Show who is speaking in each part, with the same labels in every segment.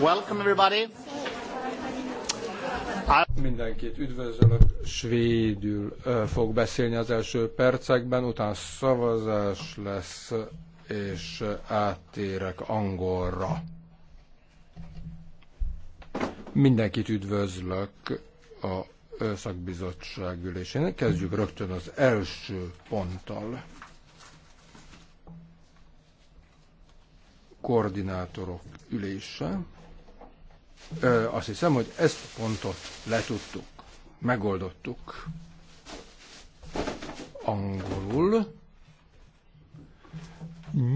Speaker 1: Welcome everybody. Mindenkit üdvözlök, svédül fog beszélni az első percekben, utána szavazás lesz, és áttérek angolra. Mindenkit üdvözlök a szakbizottság ülésén. Kezdjük rögtön az első ponttal. koordinátorok ülése. Ö, azt hiszem, hogy ezt a pontot letudtuk, megoldottuk angolul.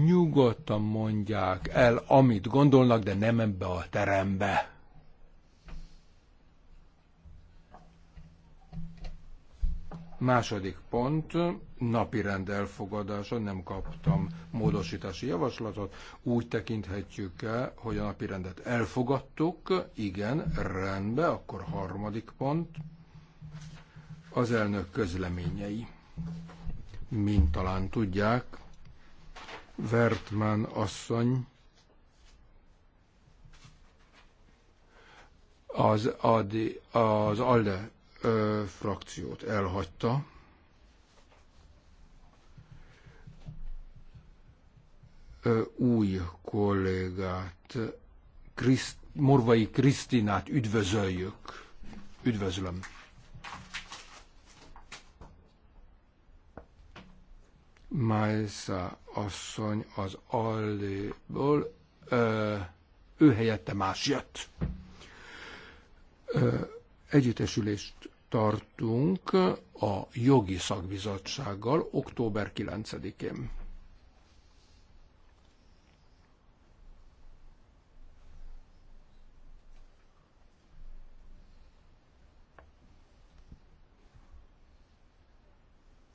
Speaker 1: Nyugodtan mondják el, amit gondolnak, de nem ebbe a terembe. Második pont, napi rend elfogadása, nem kaptam módosítási javaslatot. Úgy tekinthetjük el, hogy a napi rendet elfogadtuk, igen, rendbe, akkor harmadik pont, az elnök közleményei. Mint talán tudják, Vertman asszony az, az ALDE ö, frakciót elhagyta. Ö, új kollégát, Kriszt, Morvai Krisztinát üdvözöljük. Üdvözlöm. Májsza asszony az Alléból, ő helyette más jött. Ö, együttesülést tartunk a jogi szakbizottsággal október 9-én.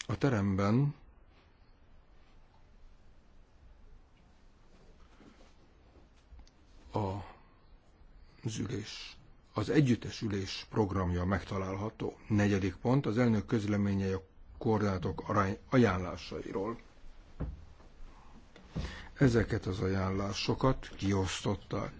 Speaker 1: A teremben a zülés az együttesülés programja megtalálható. Negyedik pont az elnök közleményei a koordinátok arány ajánlásairól. Ezeket az ajánlásokat kiosztották.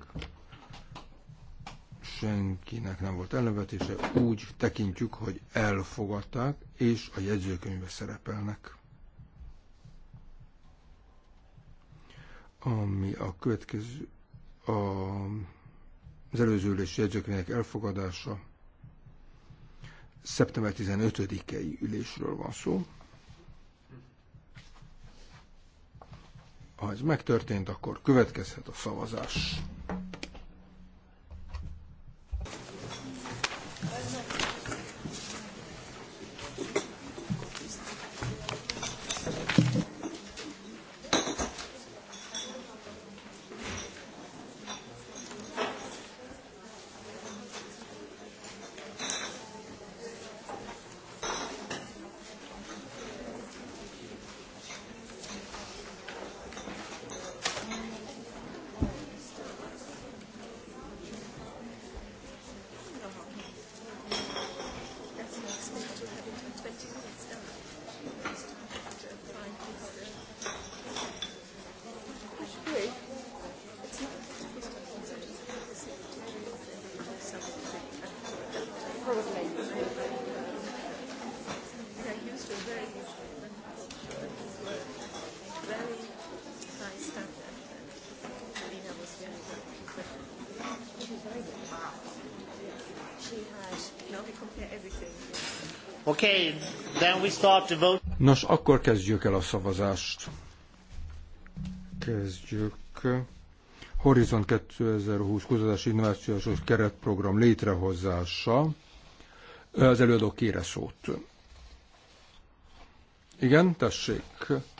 Speaker 1: Senkinek nem volt elnevetése, úgy tekintjük, hogy elfogadták, és a jegyzőkönyvbe szerepelnek. Ami a következő a az előző ülés jegyzőkönyvek elfogadása. Szeptember 15-i ülésről van szó. Ha ez megtörtént, akkor következhet a szavazás.
Speaker 2: Okay, then we start to vote.
Speaker 1: Nos, akkor kezdjük el a szavazást. Kezdjük. Horizont 2020 kutatási innovációs keretprogram létrehozása. Az előadó kére szót. Igen, tessék.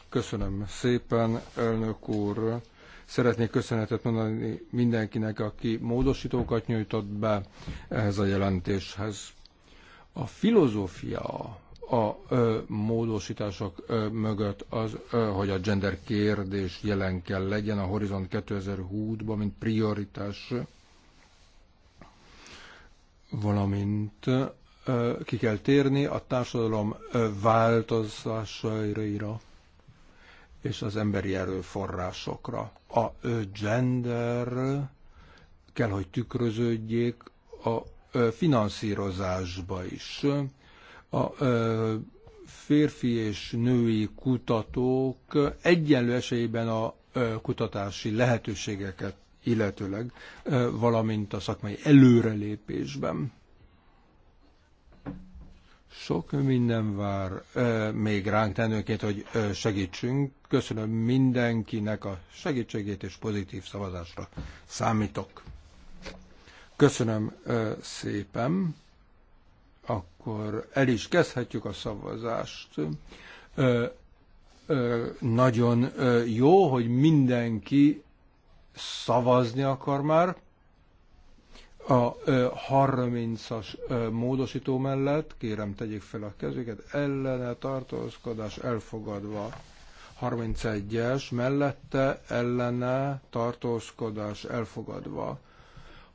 Speaker 1: Köszönöm szépen, elnök úr. Szeretnék köszönetet mondani mindenkinek, aki módosítókat nyújtott be ehhez a jelentéshez. A filozófia a ö, módosítások ö, mögött az, ö, hogy a gender kérdés jelen kell legyen a Horizont 2020-ban, mint prioritás, valamint ö, ki kell térni a társadalom ö, változásaira és az emberi erőforrásokra. A ö, gender kell, hogy tükröződjék a finanszírozásba is. A férfi és női kutatók egyenlő esélyben a kutatási lehetőségeket illetőleg, valamint a szakmai előrelépésben. Sok minden vár még ránk tennőként, hogy segítsünk. Köszönöm mindenkinek a segítségét, és pozitív szavazásra számítok. Köszönöm szépen. Akkor el is kezdhetjük a szavazást. Nagyon jó, hogy mindenki szavazni akar már a 30-as módosító mellett, kérem tegyék fel a kezüket, ellene tartózkodás elfogadva. 31-es mellette ellene tartózkodás elfogadva.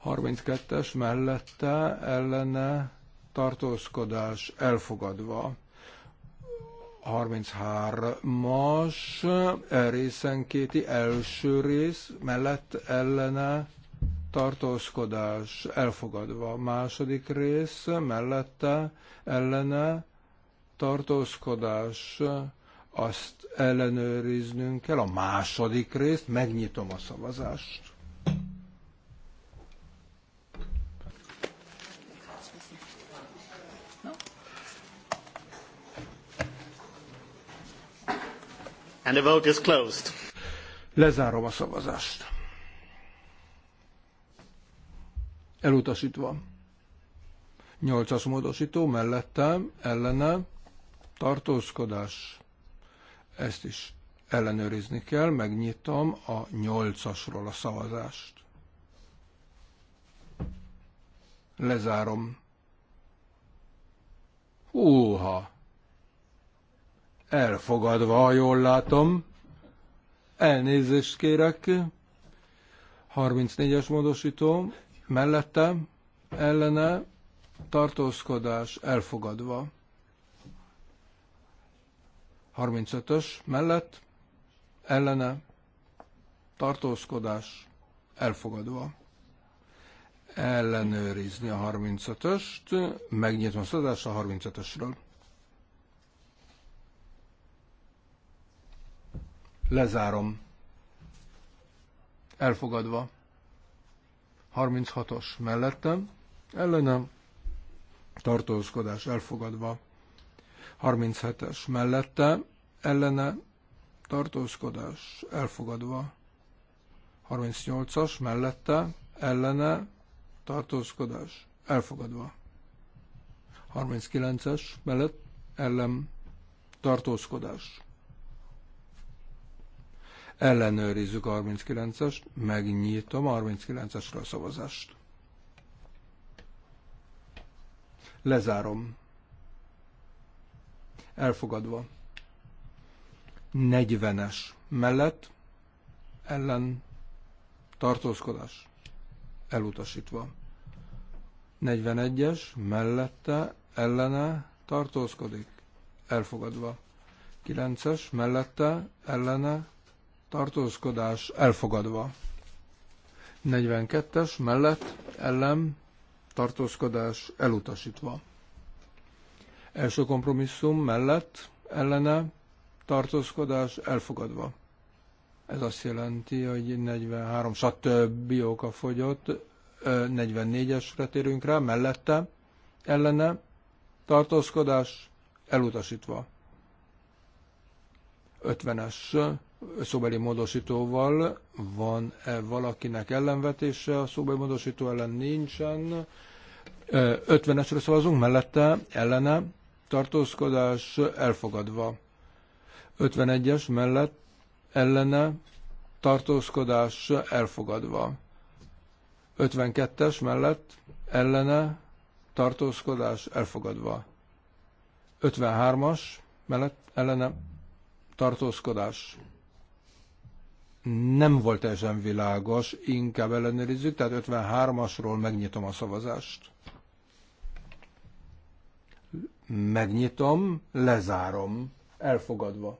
Speaker 1: 32-es mellette ellene tartózkodás elfogadva. 33-as részenkéti első rész mellett ellene tartózkodás elfogadva. Második rész mellette ellene tartózkodás azt ellenőriznünk kell. A második részt megnyitom a szavazást.
Speaker 2: And the vote is closed.
Speaker 1: Lezárom a szavazást. Elutasítva. Nyolcas as módosító mellettem, ellene, tartózkodás. Ezt is ellenőrizni kell, megnyitom a nyolcasról a szavazást. Lezárom. Húha! Elfogadva, ha jól látom. Elnézést kérek. 34-es módosító. Mellette, ellene, tartózkodás elfogadva. 35-ös mellett, ellene, tartózkodás elfogadva. Ellenőrizni a 35-öst, megnyitom a szavazást a 35-ösről. Lezárom. Elfogadva. 36-os mellettem, ellenem, tartózkodás elfogadva. 37-es mellette, ellene, tartózkodás elfogadva. 38-as mellette, ellene, tartózkodás elfogadva. 39-es mellett, ellen, tartózkodás Ellenőrizzük 39-est, megnyitom 39 esre a szavazást. Lezárom. Elfogadva. 40-es mellett ellen tartózkodás elutasítva. 41-es mellette ellene tartózkodik elfogadva. 9-es mellette ellene tartózkodás elfogadva. 42-es mellett ellen tartózkodás elutasítva. Első kompromisszum mellett ellene tartózkodás elfogadva. Ez azt jelenti, hogy 43, stb. oka fogyott, 44-esre térünk rá, mellette ellene tartózkodás elutasítva. 50-es szóbeli módosítóval. Van-e valakinek ellenvetése? A szóbeli módosító ellen nincsen. 50-esre szavazunk, mellette ellene tartózkodás elfogadva. 51-es mellett ellene tartózkodás elfogadva. 52-es mellett ellene tartózkodás elfogadva. 53-as mellett ellene tartózkodás nem volt teljesen világos, inkább ellenőrizzük, tehát 53-asról megnyitom a szavazást. Megnyitom, lezárom, elfogadva.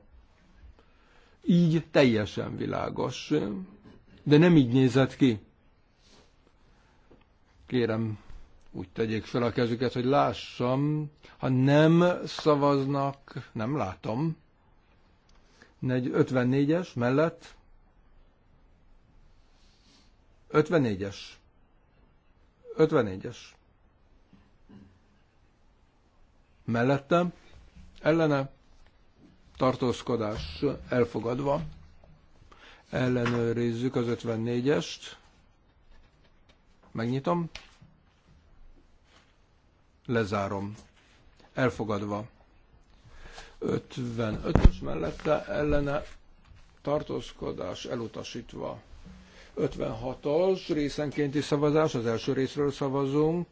Speaker 1: Így teljesen világos, de nem így nézett ki. Kérem, úgy tegyék fel a kezüket, hogy lássam. Ha nem szavaznak, nem látom. 54-es mellett 54-es. 54-es. Mellettem, ellene, tartózkodás elfogadva. Ellenőrizzük az 54-est. Megnyitom. Lezárom. Elfogadva. 55-ös mellette ellene tartózkodás elutasítva. 56-os részenkénti szavazás, az első részről szavazunk.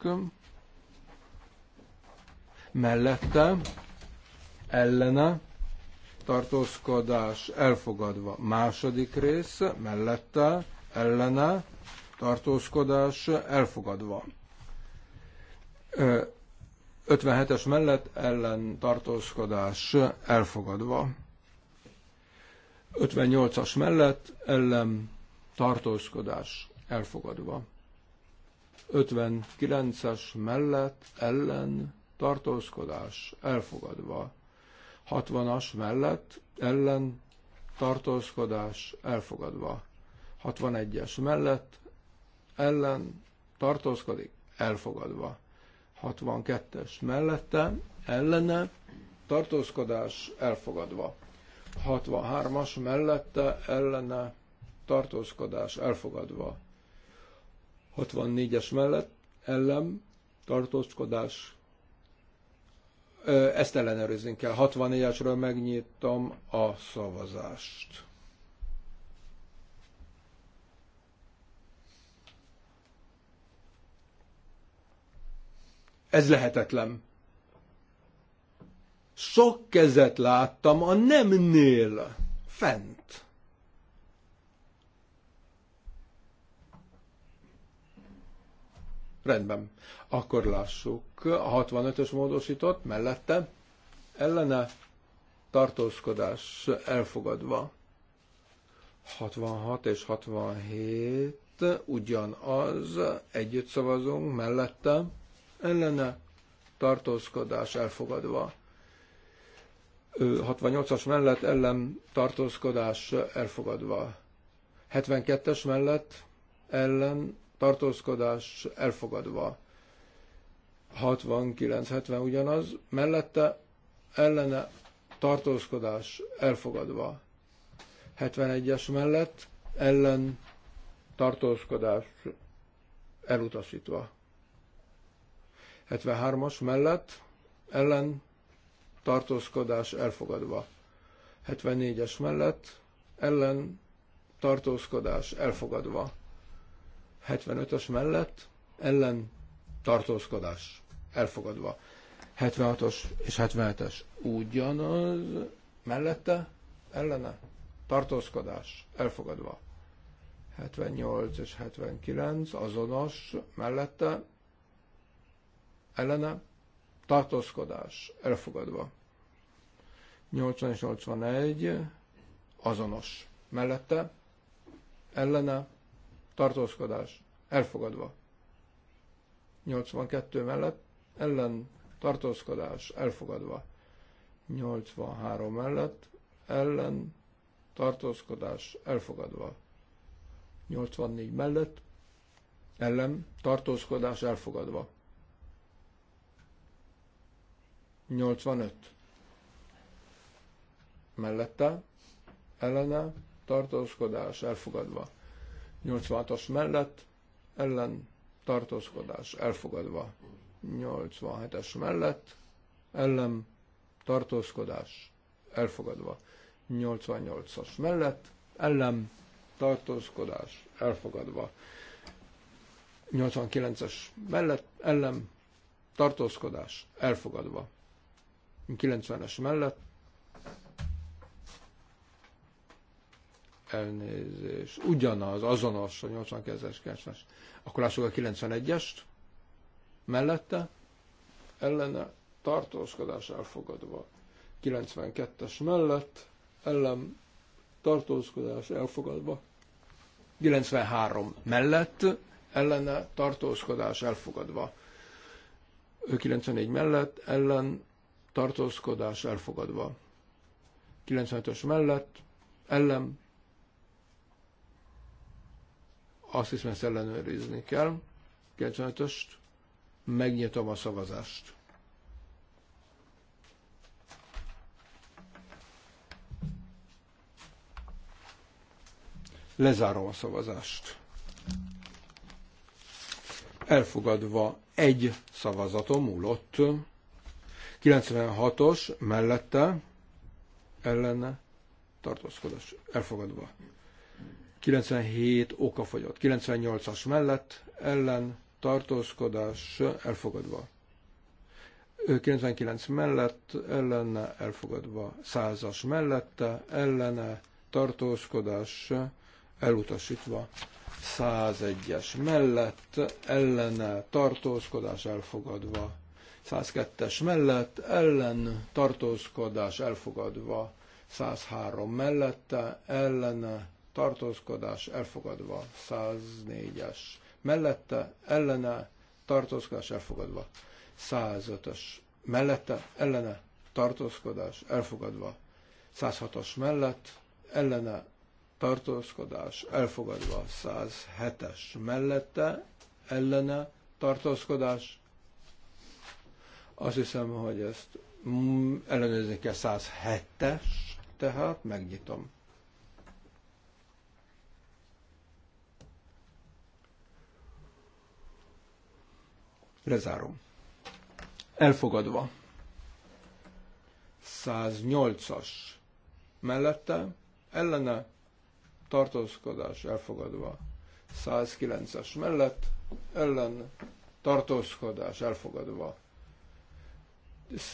Speaker 1: Mellette, ellene, tartózkodás elfogadva. Második rész, mellette, ellene, tartózkodás elfogadva. 57-es mellett ellen tartózkodás elfogadva. 58-as mellett ellen tartózkodás elfogadva. 59-es mellett ellen tartózkodás elfogadva. 60-as mellett ellen tartózkodás elfogadva. 61-es mellett ellen tartózkodik elfogadva. 62-es mellette ellene tartózkodás elfogadva. 63-as mellette ellene tartózkodás elfogadva. 64-es mellett ellen tartózkodás ezt ellenőrizni kell. 64-esről megnyitom a szavazást. Ez lehetetlen. Sok kezet láttam a nemnél fent. Rendben. Akkor lássuk a 65-ös módosított mellette ellene tartózkodás elfogadva. 66 és 67 ugyanaz, együtt szavazunk mellette ellene tartózkodás elfogadva. 68-as mellett ellen tartózkodás elfogadva. 72-es mellett ellen tartózkodás elfogadva. 69-70 ugyanaz, mellette ellene tartózkodás elfogadva. 71-es mellett ellen tartózkodás elutasítva. 73-as mellett ellen tartózkodás elfogadva. 74-es mellett ellen tartózkodás elfogadva. 75-ös mellett ellen tartózkodás elfogadva. 76-os és 77-es ugyanaz mellette ellene tartózkodás elfogadva. 78 és 79 azonos mellette ellene tartózkodás elfogadva. 80 és 81 azonos mellette ellene tartózkodás elfogadva. 82 mellett ellen tartózkodás elfogadva. 83 mellett ellen tartózkodás elfogadva. 84 mellett ellen tartózkodás elfogadva. 85 mellette ellene tartózkodás elfogadva. 86-os mellett ellen tartózkodás elfogadva. 87-es mellett ellen tartózkodás elfogadva. 88-as mellett ellen tartózkodás elfogadva. 89-es mellett ellen tartózkodás elfogadva. 90-es mellett elnézés, ugyanaz, azonos a 89-es, 90 akkor lássuk a 91-est, mellette, ellene tartózkodás elfogadva. 92-es mellett, ellen tartózkodás elfogadva. 93 mellett, ellene tartózkodás elfogadva. 94 mellett, ellen tartózkodás elfogadva. 95-ös mellett, ellen Azt hiszem, ezt ellenőrizni kell. 95-öst. Megnyitom a szavazást. Lezárom a szavazást. Elfogadva egy szavazatom múlott. 96-os mellette ellene tartózkodás elfogadva. 97 okafogyott, 98-as mellett ellen tartózkodás elfogadva. 99 mellett ellene elfogadva, 100-as mellette ellene tartózkodás elutasítva, 101-es mellett ellene tartózkodás elfogadva, 102-es mellett ellen tartózkodás elfogadva, 103 mellette ellene tartózkodás elfogadva, 104-es mellette, ellene, tartózkodás elfogadva, 105-ös mellette, ellene, tartózkodás elfogadva, 106-os mellett, ellene, tartózkodás elfogadva, 107-es mellette, ellene, tartózkodás. Azt hiszem, hogy ezt mm, ellenőrizni kell 107-es, tehát megnyitom. Lezárom. Elfogadva. 108-as mellette, ellene, tartózkodás elfogadva. 109 as mellett, ellen, tartózkodás elfogadva.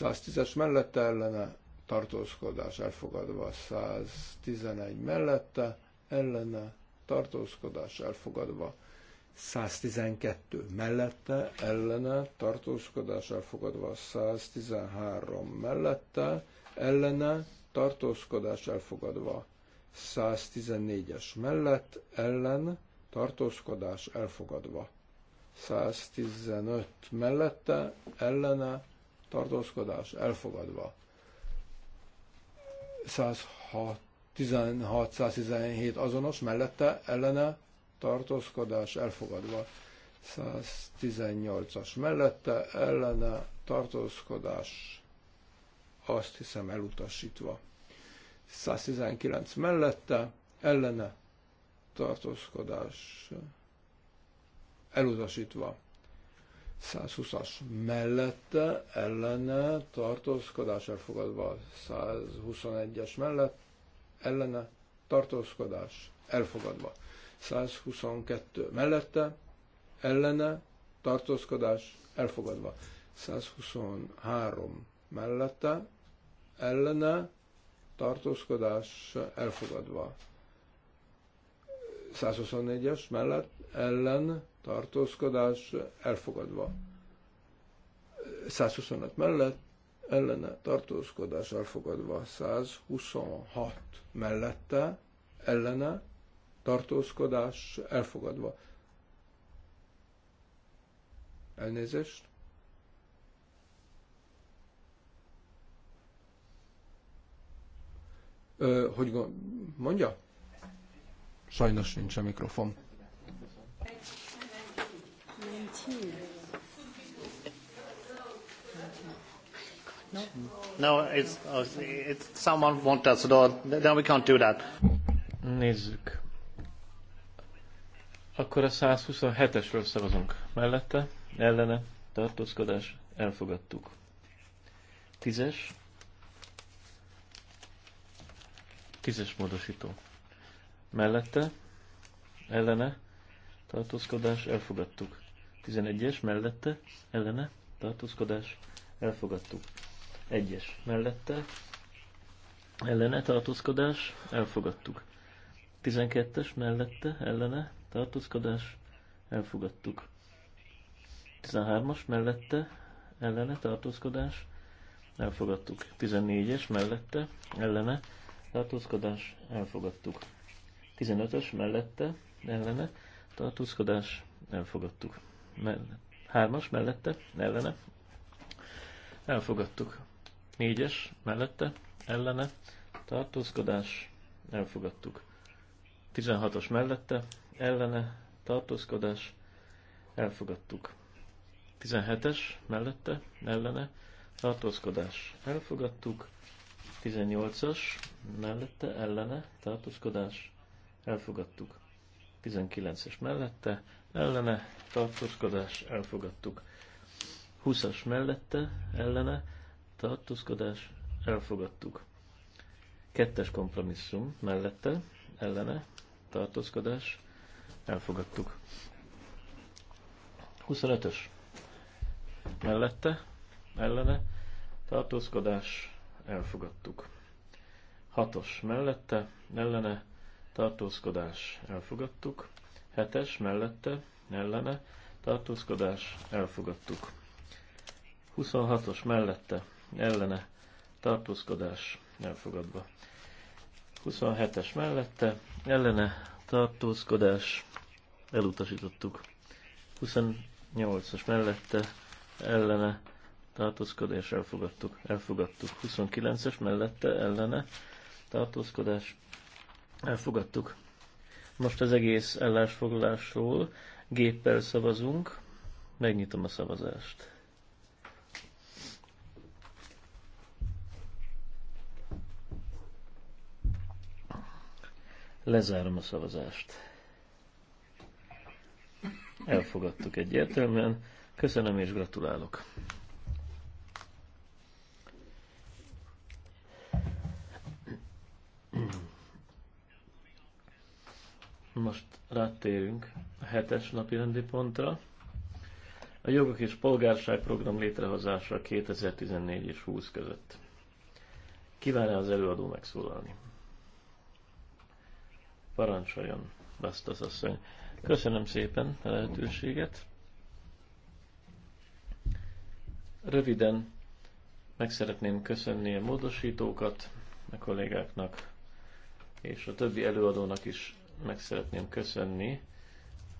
Speaker 1: 110-es mellette, ellene, tartózkodás elfogadva. 111 mellette, ellene, tartózkodás elfogadva. 112 mellette, ellene, tartózkodás elfogadva 113 mellette, ellene, tartózkodás elfogadva 114-es mellett, ellen, tartózkodás elfogadva 115 mellette, ellene, tartózkodás elfogadva 116, 117 azonos mellette, ellene, tartózkodás elfogadva. 118-as mellette ellene tartózkodás azt hiszem elutasítva. 119 mellette ellene tartózkodás elutasítva. 120-as mellette ellene tartózkodás elfogadva. 121-es mellett ellene tartózkodás elfogadva. 122 mellette, ellene, tartózkodás elfogadva. 123 mellette, ellene, tartózkodás elfogadva. 124-es mellett, ellen, tartózkodás elfogadva. 125 mellett, ellene tartózkodás elfogadva 126 mellette, ellene tartózkodás elfogadva. Elnézést. Ö, hogy mondja? Sajnos nincs a mikrofon. No,
Speaker 2: it's, oh, it's someone want us, Then we can't do that. Nézzük. Akkor a 127-esről szavazunk. Mellette, ellene, tartózkodás, elfogadtuk. 10-es, 10-es módosító. Mellette, ellene, tartózkodás, elfogadtuk. 11-es, mellette, ellene, tartózkodás, elfogadtuk. 1-es, mellette, ellene, tartózkodás, elfogadtuk. 12-es, mellette, ellene, tartózkodás, elfogadtuk. 13-as mellette, ellene tartózkodás, elfogadtuk. 14-es mellette, ellene tartózkodás, elfogadtuk. 15-ös mellette, ellene tartózkodás, elfogadtuk. 3-as mellette, ellene, elfogadtuk. 4-es mellette, ellene, tartózkodás, elfogadtuk. 16-os mellette, ellene tartózkodás elfogadtuk. 17-es mellette ellene tartózkodás elfogadtuk. 18-as mellette ellene tartózkodás elfogadtuk. 19-es mellette ellene tartózkodás elfogadtuk. 20-as mellette ellene tartózkodás elfogadtuk. Kettes kompromisszum mellette ellene tartózkodás Elfogadtuk. 25-ös. Mellette, ellene, tartózkodás, elfogadtuk. 6-os mellette, ellene, tartózkodás, elfogadtuk. 7-es mellette, ellene, tartózkodás, elfogadtuk. 26-os mellette, ellene, tartózkodás, elfogadva. 27-es mellette, ellene, tartózkodás, elutasítottuk. 28-as mellette ellene tartózkodás, elfogadtuk, elfogadtuk. 29-es mellette ellene tartózkodás, elfogadtuk. Most az egész ellásfoglalásról géppel szavazunk, megnyitom a szavazást. Lezárom a szavazást. Elfogadtuk egyértelműen. Köszönöm és gratulálok. Most rátérünk a hetes napi rendi pontra. A jogok és polgárság program létrehozása 2014 és 20 között. Kíván-e az előadó megszólalni? Parancsoljon, az asszony. Köszönöm szépen a lehetőséget. Röviden meg szeretném köszönni a módosítókat a kollégáknak, és a többi előadónak is meg szeretném köszönni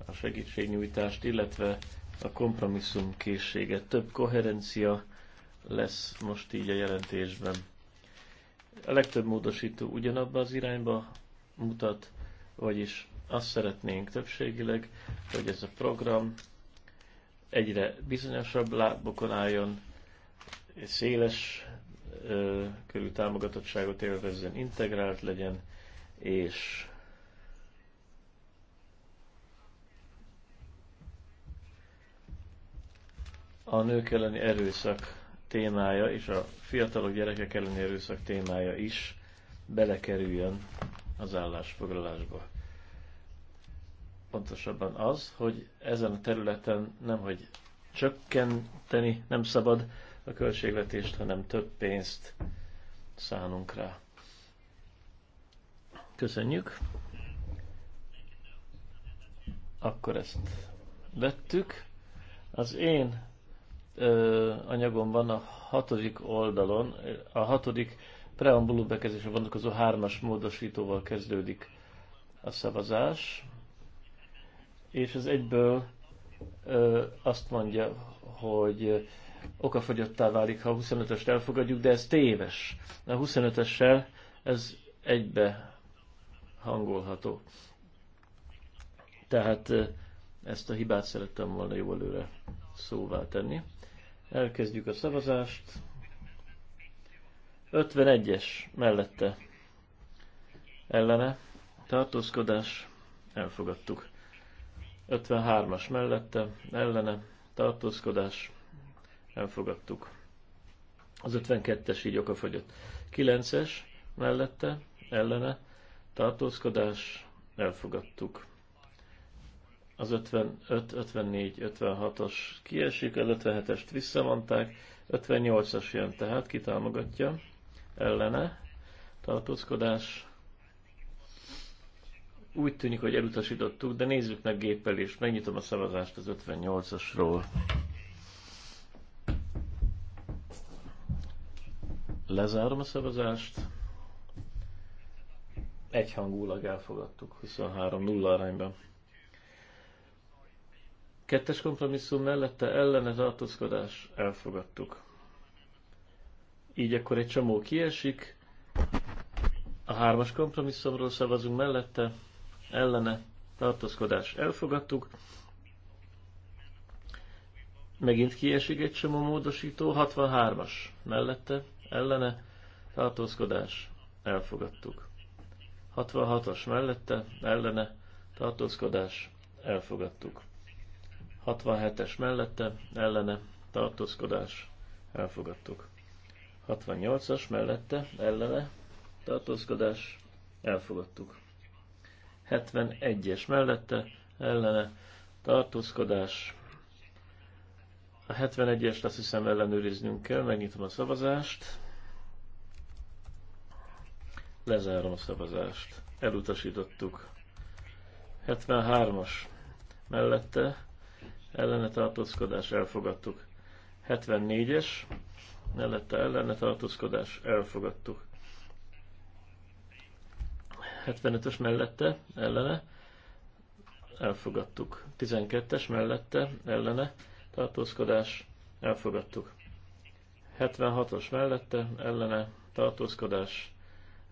Speaker 2: a segítségnyújtást, illetve a kompromisszum készséget. Több koherencia lesz most így a jelentésben. A legtöbb módosító ugyanabba az irányba mutat, vagyis azt szeretnénk többségileg, hogy ez a program egyre bizonyosabb lábokon álljon, széles ö, körű támogatottságot élvezzen, integrált legyen, és a nők elleni erőszak témája és a fiatalok gyerekek elleni erőszak témája is belekerüljön az állásfoglalásba. Pontosabban az, hogy ezen a területen nem, hogy csökkenteni nem szabad a költségvetést, hanem több pénzt szánunk rá. Köszönjük. Akkor ezt vettük. Az én ö, anyagomban a hatodik oldalon, a hatodik preambulú bekezdésre vonatkozó hármas módosítóval kezdődik a szavazás, és ez egyből ö, azt mondja, hogy okafogyottá válik, ha a 25-est elfogadjuk, de ez téves. A 25-essel ez egybe hangolható. Tehát ezt a hibát szerettem volna jó előre szóvá tenni. Elkezdjük a szavazást. 51-es mellette ellene tartózkodás elfogadtuk. 53-as mellette ellene tartózkodás elfogadtuk. Az 52-es így okafogyott. 9-es mellette ellene tartózkodás elfogadtuk. Az 55, 54, 56-os kiesik, az 57-est visszamondták, 58-as jön, tehát kitámogatja ellene tartózkodás. Úgy tűnik, hogy elutasítottuk, de nézzük meg gépelést. Megnyitom a szavazást az 58-asról. Lezárom a szavazást. Egyhangulag elfogadtuk 23-0 arányban. Kettes kompromisszum mellette ellene tartózkodás elfogadtuk így akkor egy csomó kiesik. A hármas kompromisszumról szavazunk mellette, ellene tartózkodás elfogadtuk. Megint kiesik egy csomó módosító, 63-as mellette, ellene tartózkodás elfogadtuk. 66-as mellette, ellene tartózkodás elfogadtuk. 67-es mellette, ellene tartózkodás elfogadtuk. 68-as mellette, ellene, tartózkodás, elfogadtuk. 71-es mellette, ellene, tartózkodás. A 71-est azt hiszem ellenőriznünk kell, megnyitom a szavazást. Lezárom a szavazást. Elutasítottuk. 73-as mellette, ellene tartózkodás, elfogadtuk. 74-es mellette ellene tartózkodás elfogadtuk. 75-ös mellette ellene elfogadtuk. 12-es mellette ellene tartózkodás elfogadtuk. 76-os mellette ellene tartózkodás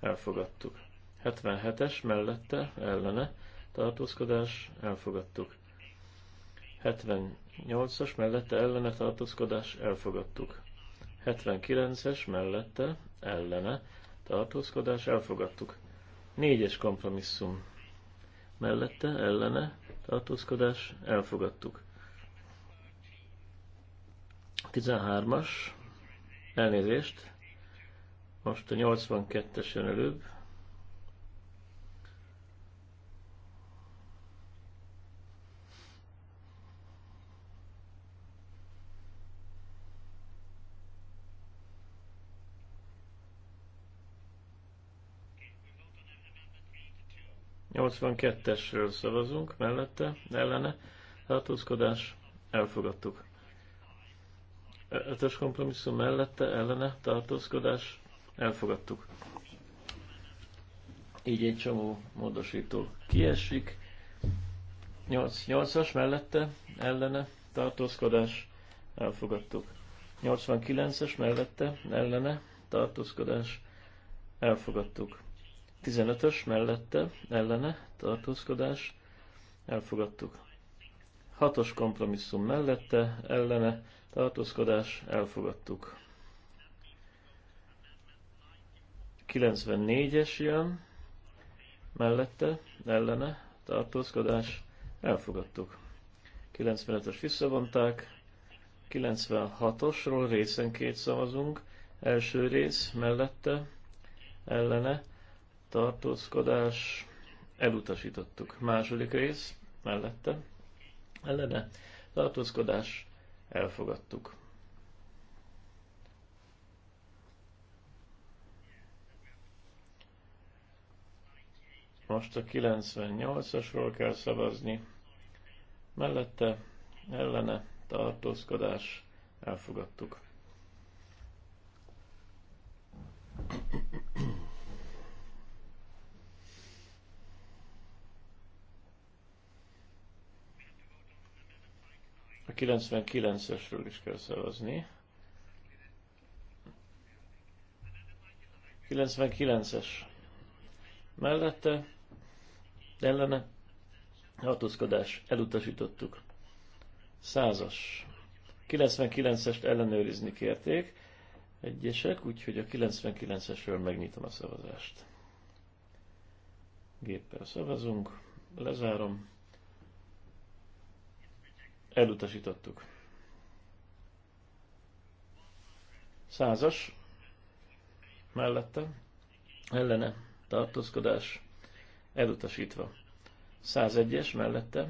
Speaker 2: elfogadtuk. 77-es mellette ellene tartózkodás elfogadtuk. 78-as mellette ellene tartózkodás elfogadtuk. 79-es mellette ellene tartózkodás elfogadtuk. 4-es kompromisszum mellette ellene tartózkodás elfogadtuk. 13-as elnézést, most a 82-esen előbb, 82-esről szavazunk, mellette, ellene, tartózkodás, elfogadtuk. 5-ös kompromisszum mellette, ellene, tartózkodás, elfogadtuk. Így egy csomó módosító kiesik. 8-as mellette, ellene, tartózkodás, elfogadtuk. 89-es mellette, ellene, tartózkodás, elfogadtuk. 15-ös mellette, ellene, tartózkodás, elfogadtuk. 6-os kompromisszum mellette, ellene, tartózkodás, elfogadtuk. 94-es jön, mellette, ellene, tartózkodás, elfogadtuk. 95-ös visszavonták, 96-osról részenként szavazunk, első rész mellette, ellene, tartózkodás, elutasítottuk. Második rész, mellette, ellene, tartózkodás, elfogadtuk. Most a 98-asról kell szavazni, mellette, ellene, tartózkodás, elfogadtuk. 99-esről is kell szavazni. 99-es mellette, ellene, hatózkodás, elutasítottuk. 100-as. 99-est ellenőrizni kérték egyesek, úgyhogy a 99-esről megnyitom a szavazást. Géppel szavazunk, lezárom. Elutasítottuk. Százas mellette ellene tartózkodás elutasítva. 101-es mellette.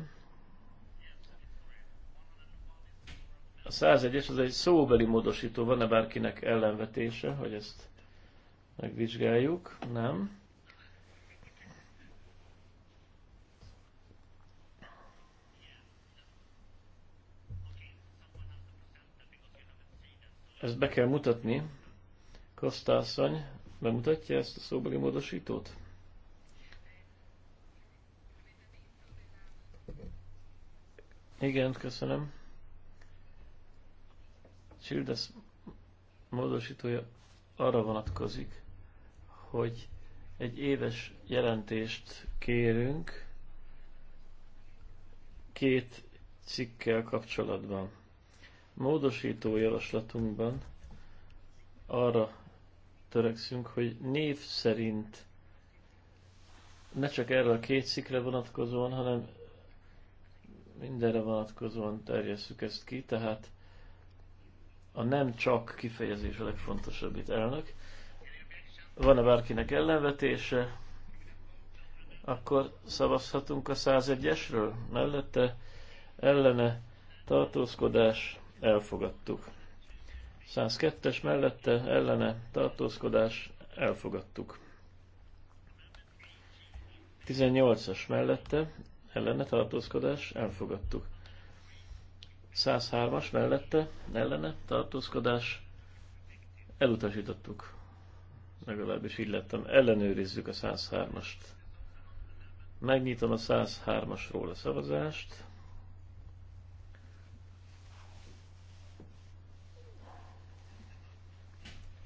Speaker 2: A 101-es az egy szóbeli módosító, van-e bárkinek ellenvetése, hogy ezt megvizsgáljuk? Nem. Ezt be kell mutatni. Kostászany, bemutatja ezt a szóbeli módosítót? Igen, köszönöm. Csildesz módosítója arra vonatkozik, hogy egy éves jelentést kérünk két cikkel kapcsolatban módosító javaslatunkban arra törekszünk, hogy név szerint ne csak erre a két szikre vonatkozóan, hanem mindenre vonatkozóan terjesszük ezt ki, tehát a nem csak kifejezés a legfontosabb itt elnök. Van-e bárkinek ellenvetése? Akkor szavazhatunk a 101-esről? Mellette ellene tartózkodás elfogadtuk. 102-es mellette ellene tartózkodás, elfogadtuk. 18-as mellette ellene tartózkodás, elfogadtuk. 103-as mellette ellene tartózkodás, elutasítottuk. Legalábbis így lettem. Ellenőrizzük a 103-ast. Megnyitom a 103-asról a szavazást.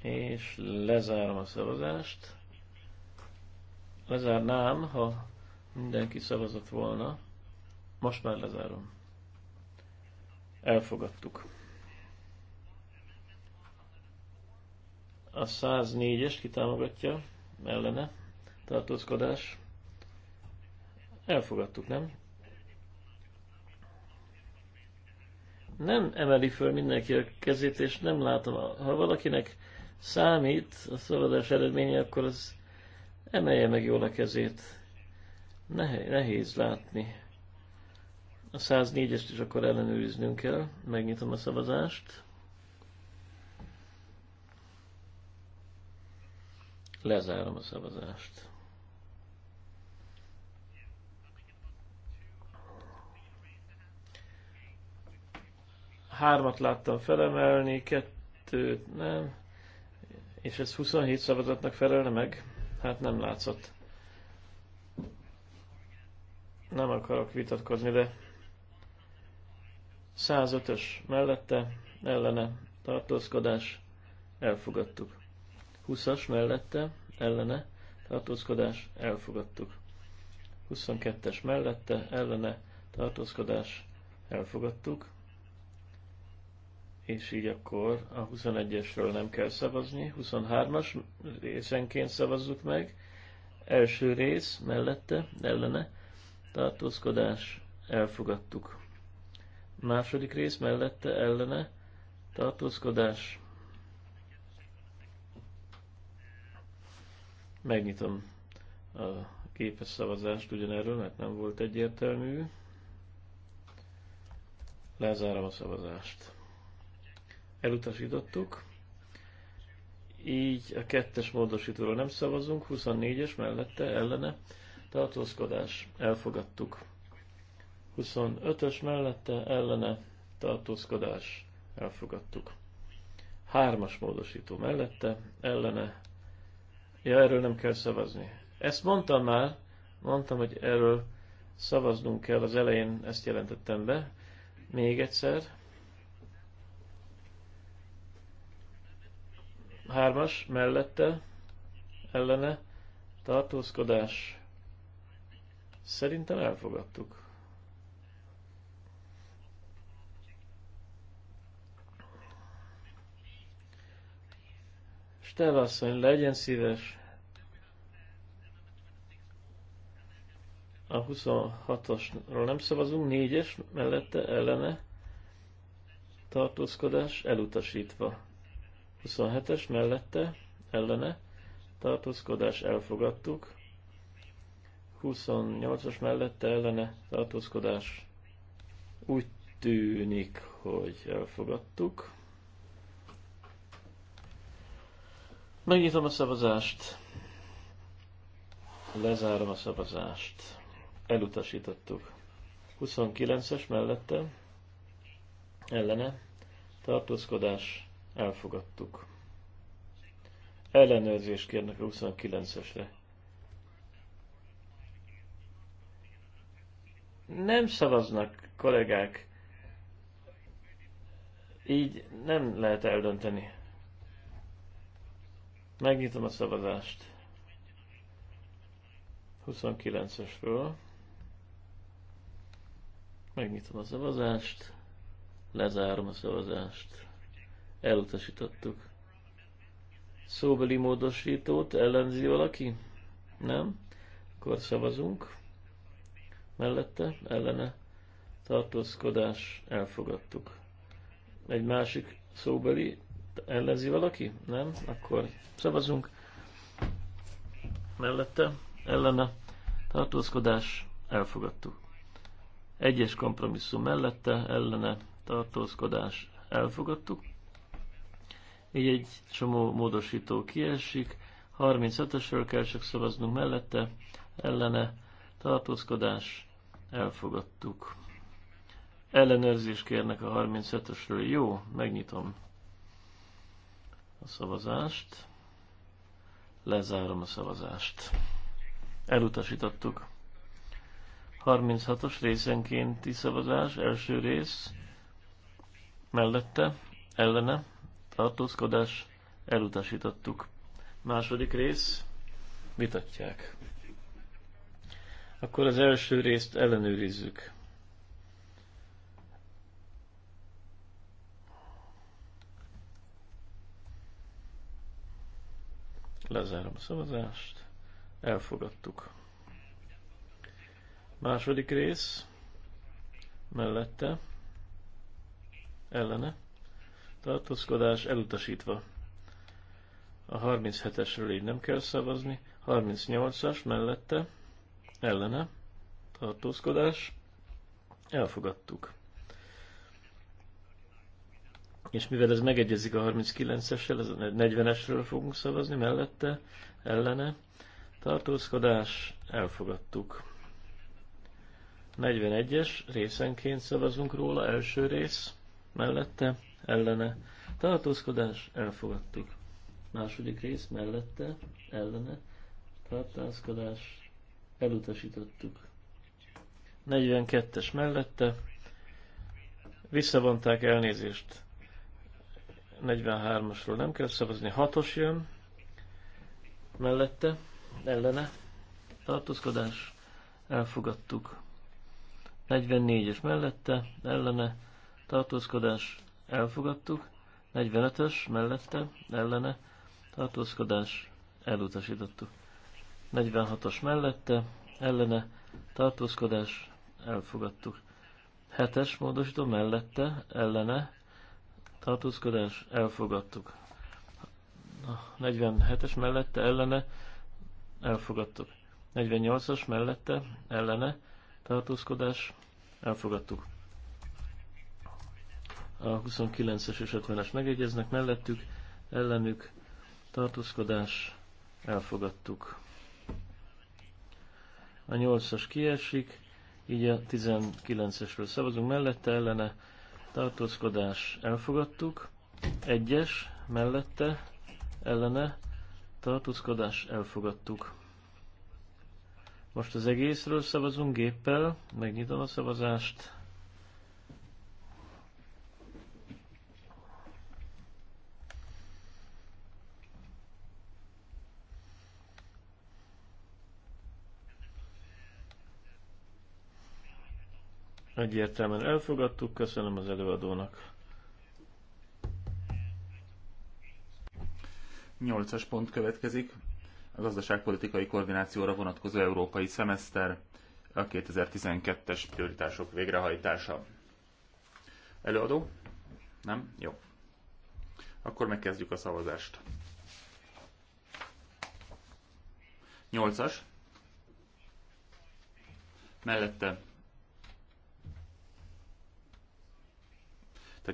Speaker 2: és lezárom a szavazást. Lezárnám, ha mindenki szavazott volna. Most már lezárom. Elfogadtuk. A 104-es kitámogatja ellene tartózkodás. Elfogadtuk, nem? Nem emeli föl mindenki a kezét, és nem látom. Ha valakinek számít a szaladás eredménye, akkor az emelje meg jól a kezét. Nehéz, nehéz látni. A 104-est is akkor ellenőriznünk kell. Megnyitom a szavazást. Lezárom a szavazást. Hármat láttam felemelni, kettőt nem. És ez 27 szavazatnak felelne meg? Hát nem látszott. Nem akarok vitatkozni, de 105-ös mellette, ellene, tartózkodás, elfogadtuk. 20-as mellette, ellene, tartózkodás, elfogadtuk. 22-es mellette, ellene, tartózkodás, elfogadtuk és így akkor a 21-esről nem kell szavazni, 23-as részenként szavazzuk meg, első rész mellette, ellene, tartózkodás, elfogadtuk. Második rész mellette, ellene, tartózkodás, megnyitom a képes szavazást ugyanerről, mert nem volt egyértelmű. Lezárom a szavazást elutasítottuk. Így a kettes módosítóról nem szavazunk, 24-es mellette ellene tartózkodás elfogadtuk. 25-ös mellette ellene tartózkodás elfogadtuk. Hármas módosító mellette ellene. Ja, erről nem kell szavazni. Ezt mondtam már, mondtam, hogy erről szavaznunk kell, az elején ezt jelentettem be. Még egyszer, Hármas mellette, ellene, tartózkodás. Szerintem elfogadtuk. Stella asszony, legyen szíves. A 26-osról nem szavazunk, 4-es mellette, ellene, tartózkodás elutasítva. 27-es mellette, ellene, tartózkodás elfogadtuk. 28-as mellette, ellene, tartózkodás úgy tűnik, hogy elfogadtuk. Megnyitom a szavazást. Lezárom a szavazást. Elutasítottuk. 29-es mellette. Ellene. Tartózkodás. Elfogadtuk. Ellenőrzést kérnek a 29-esre. Nem szavaznak, kollégák. Így nem lehet eldönteni. Megnyitom a szavazást. 29-esről. Megnyitom a szavazást. Lezárom a szavazást. Elutasítottuk. Szóbeli módosítót ellenzi valaki? Nem? Akkor szavazunk. Mellette, ellene, tartózkodás, elfogadtuk. Egy másik szóbeli ellenzi valaki? Nem? Akkor szavazunk. Mellette, ellene, tartózkodás, elfogadtuk. Egyes kompromisszum mellette, ellene, tartózkodás, elfogadtuk így egy csomó módosító kiesik, 35-ösről kell csak szavaznunk mellette, ellene tartózkodás, elfogadtuk. Ellenőrzést kérnek a 35-ösről. Jó, megnyitom a szavazást. Lezárom a szavazást. Elutasítottuk. 36-os részenkénti szavazás, első rész, mellette, ellene, tartózkodás, elutasítottuk. Második rész, vitatják. Akkor az első részt ellenőrizzük. Lezárom a szavazást. Elfogadtuk. Második rész mellette, ellene tartózkodás elutasítva. A 37-esről így nem kell szavazni. 38-as mellette ellene tartózkodás elfogadtuk. És mivel ez megegyezik a 39-essel, ez a 40-esről fogunk szavazni mellette, ellene. Tartózkodás, elfogadtuk. 41-es részenként szavazunk róla, első rész mellette, ellene tartózkodás, elfogadtuk. Második rész mellette, ellene tartózkodás, elutasítottuk. 42-es mellette, visszavonták elnézést. 43-asról nem kell szavazni, 6-os jön, mellette, ellene, tartózkodás, elfogadtuk. 44-es mellette, ellene, tartózkodás, elfogadtuk, 45-ös mellette, ellene, tartózkodás, elutasítottuk. 46-os mellette, ellene, tartózkodás, elfogadtuk. 7-es módosító mellette, ellene, tartózkodás, elfogadtuk. 47-es mellette, ellene, elfogadtuk. 48-as mellette, ellene, tartózkodás, elfogadtuk a 29-es és 50-es megegyeznek mellettük, ellenük tartózkodás, elfogadtuk. A 8-as kiesik, így a 19-esről szavazunk mellette, ellene tartózkodás, elfogadtuk. 1-es mellette, ellene tartózkodás, elfogadtuk. Most az egészről szavazunk géppel, megnyitom a szavazást. Egyértelműen elfogadtuk, köszönöm az előadónak.
Speaker 3: Nyolcas pont következik. A gazdaságpolitikai koordinációra vonatkozó európai szemeszter, a 2012-es prioritások végrehajtása. Előadó? Nem? Jó. Akkor megkezdjük a szavazást. 8-as. Mellette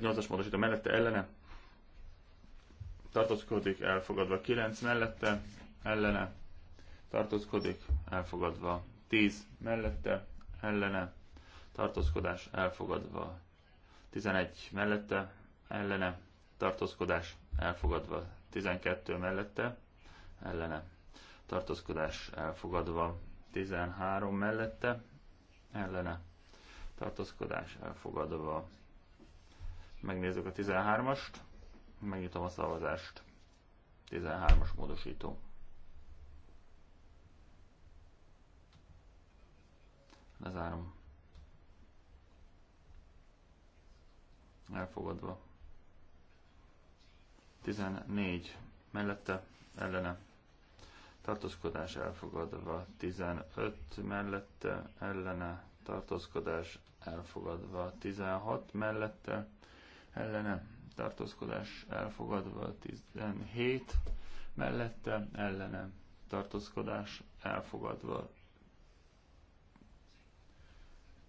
Speaker 3: Tehát 8-as módosító mellette ellene tartózkodik, elfogadva 9 mellette ellene tartózkodik, elfogadva 10 mellette ellene tartózkodás, elfogadva 11 mellette ellene tartózkodás, elfogadva 12 mellette ellene tartózkodás, elfogadva 13 mellette ellene tartózkodás, elfogadva Megnézzük a 13-ast. Megnyitom a szavazást. 13-as módosító. Lezárom. Elfogadva. 14 mellette, ellene. Tartózkodás elfogadva. 15 mellette, ellene. Tartózkodás elfogadva. 16 mellette, ellene tartózkodás elfogadva 17, mellette ellene tartózkodás elfogadva.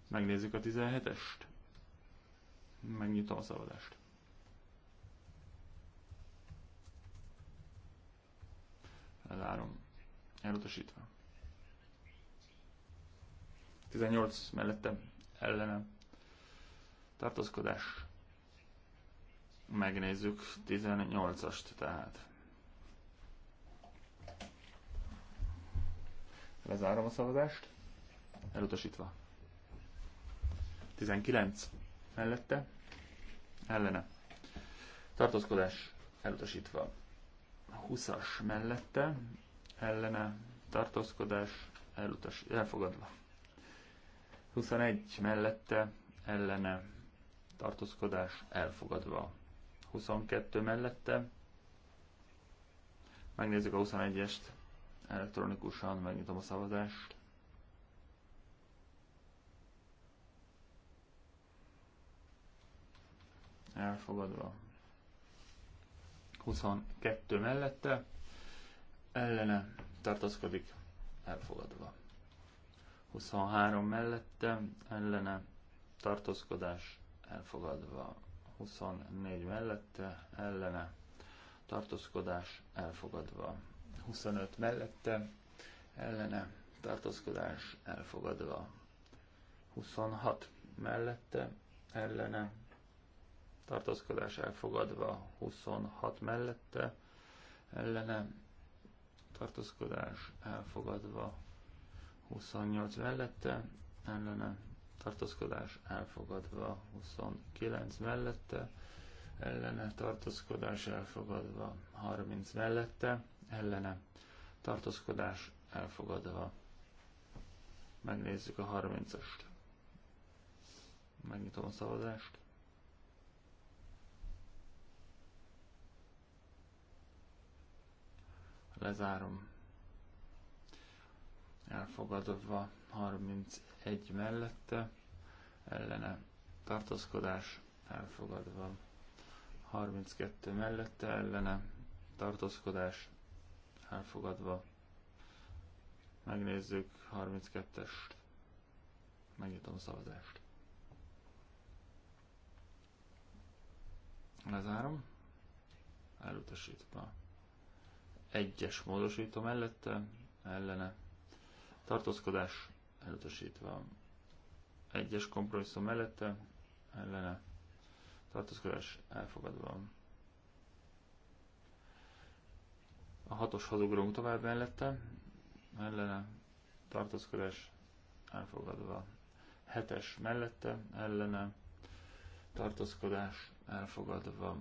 Speaker 3: Megnézzük a 17-est. Megnyitom a szavazást. Lezárom. Elutasítva. 18 mellette ellene tartózkodás Megnézzük 18-ast tehát. Lezárom a szavazást. Elutasítva. 19. Mellette. Ellene. Tartózkodás. Elutasítva. 20-as mellette. Ellene. Tartózkodás. Elutas, elfogadva. 21 mellette. Ellene. Tartózkodás. Elfogadva. 22 mellette. Megnézzük a 21-est elektronikusan, megnyitom a szavazást. Elfogadva. 22 mellette, ellene tartozkodik, elfogadva. 23 mellette, ellene tartózkodás elfogadva. 24 mellette, ellene, tartózkodás elfogadva. 25 mellette, ellene, tartózkodás elfogadva. 26 mellette, ellene, tartózkodás elfogadva. 26 mellette, ellene, tartózkodás elfogadva. 28 mellette, ellene, tartózkodás elfogadva, 29 mellette, ellene tartózkodás elfogadva, 30 mellette, ellene tartózkodás elfogadva. Megnézzük a 30-est. Megnyitom a szavazást. Lezárom. Elfogadva 31 mellette ellene tartózkodás elfogadva. 32 mellette ellene tartózkodás elfogadva. Megnézzük 32 es Megnyitom a szavazást. Lezárom. Elutasítva. Egyes módosító mellette ellene tartózkodás elutasítva. Egyes kompromisszum mellette, ellene tartózkodás elfogadva. A hatos hazugrunk tovább mellette, ellene tartózkodás elfogadva. Hetes mellette, ellene tartózkodás elfogadva.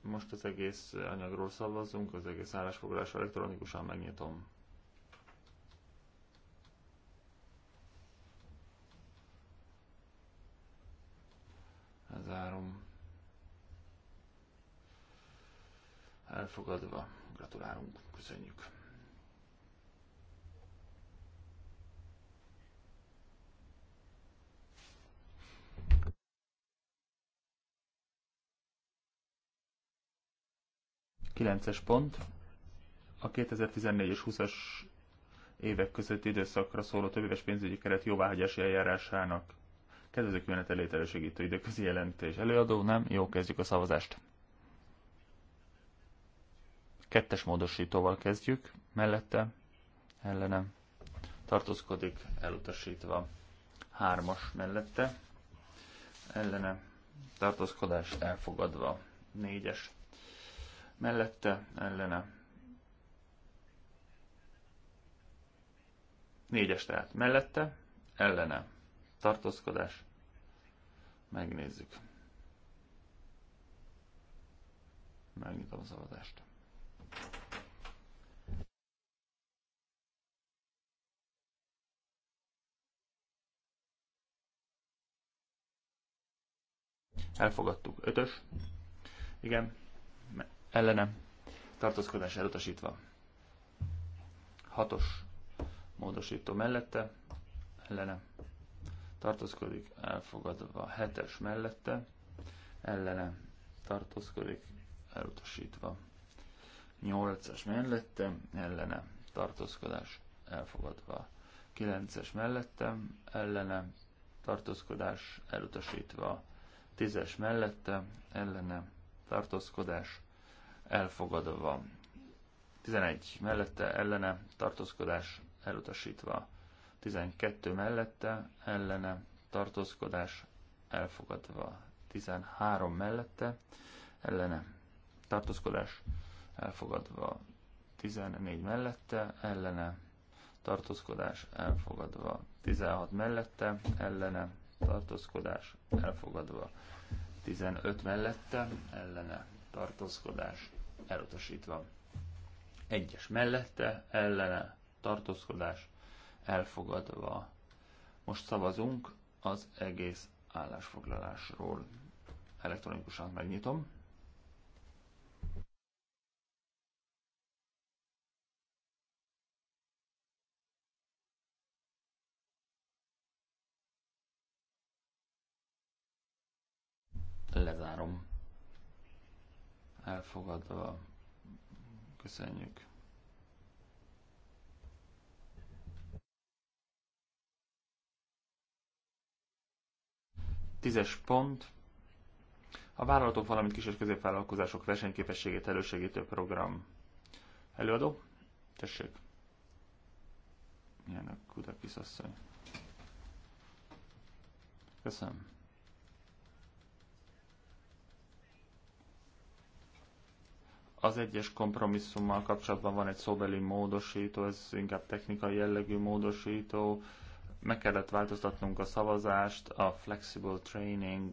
Speaker 3: Most az egész anyagról szavazzunk, az egész állásfoglalásra elektronikusan megnyitom. zárom. Elfogadva. Gratulálunk. Köszönjük. Kilences pont. A 2014 és 20-as évek közötti időszakra szóló többéves pénzügyi keret jóváhagyási eljárásának Kedvező követelét elősegítő időközi jelentés. Előadó nem? Jó, kezdjük a szavazást. Kettes módosítóval kezdjük. Mellette? Ellenem. Tartózkodik, elutasítva. Hármas mellette. ellene, Tartózkodás elfogadva. Négyes. Mellette, ellene, négyes tehát mellette, ellene tartózkodás. Megnézzük. Megnyitom a szavazást. Elfogadtuk. Ötös. Igen. Ellenem. Tartózkodás elutasítva. Hatos. Módosító mellette. Ellenem tartózkodik, elfogadva. Hetes mellette, ellene tartózkodik, elutasítva. Nyolcas mellette, ellene tartózkodás, elfogadva. Kilences mellette, ellene tartózkodás, elutasítva. Tízes mellette, ellene tartózkodás, elfogadva. Tizenegy mellette ellene tartózkodás elutasítva. 12 mellette, ellene tartózkodás elfogadva. 13 mellette, ellene tartózkodás elfogadva. 14 mellette, ellene tartózkodás elfogadva. 16 mellette, ellene tartózkodás elfogadva. 15 mellette, ellene tartózkodás elutasítva. 1-es mellette, ellene tartózkodás elfogadva. Most szavazunk az egész állásfoglalásról. Elektronikusan megnyitom. Lezárom. Elfogadva. Köszönjük. Tízes pont. A vállalatok, valamint kis- és középvállalkozások versenyképességét elősegítő program. Előadó? Tessék. Milyen a Kudakis asszony. Köszönöm. Az egyes kompromisszummal kapcsolatban van egy szóbeli módosító, ez inkább technikai jellegű módosító, meg kellett változtatnunk a szavazást a flexible training,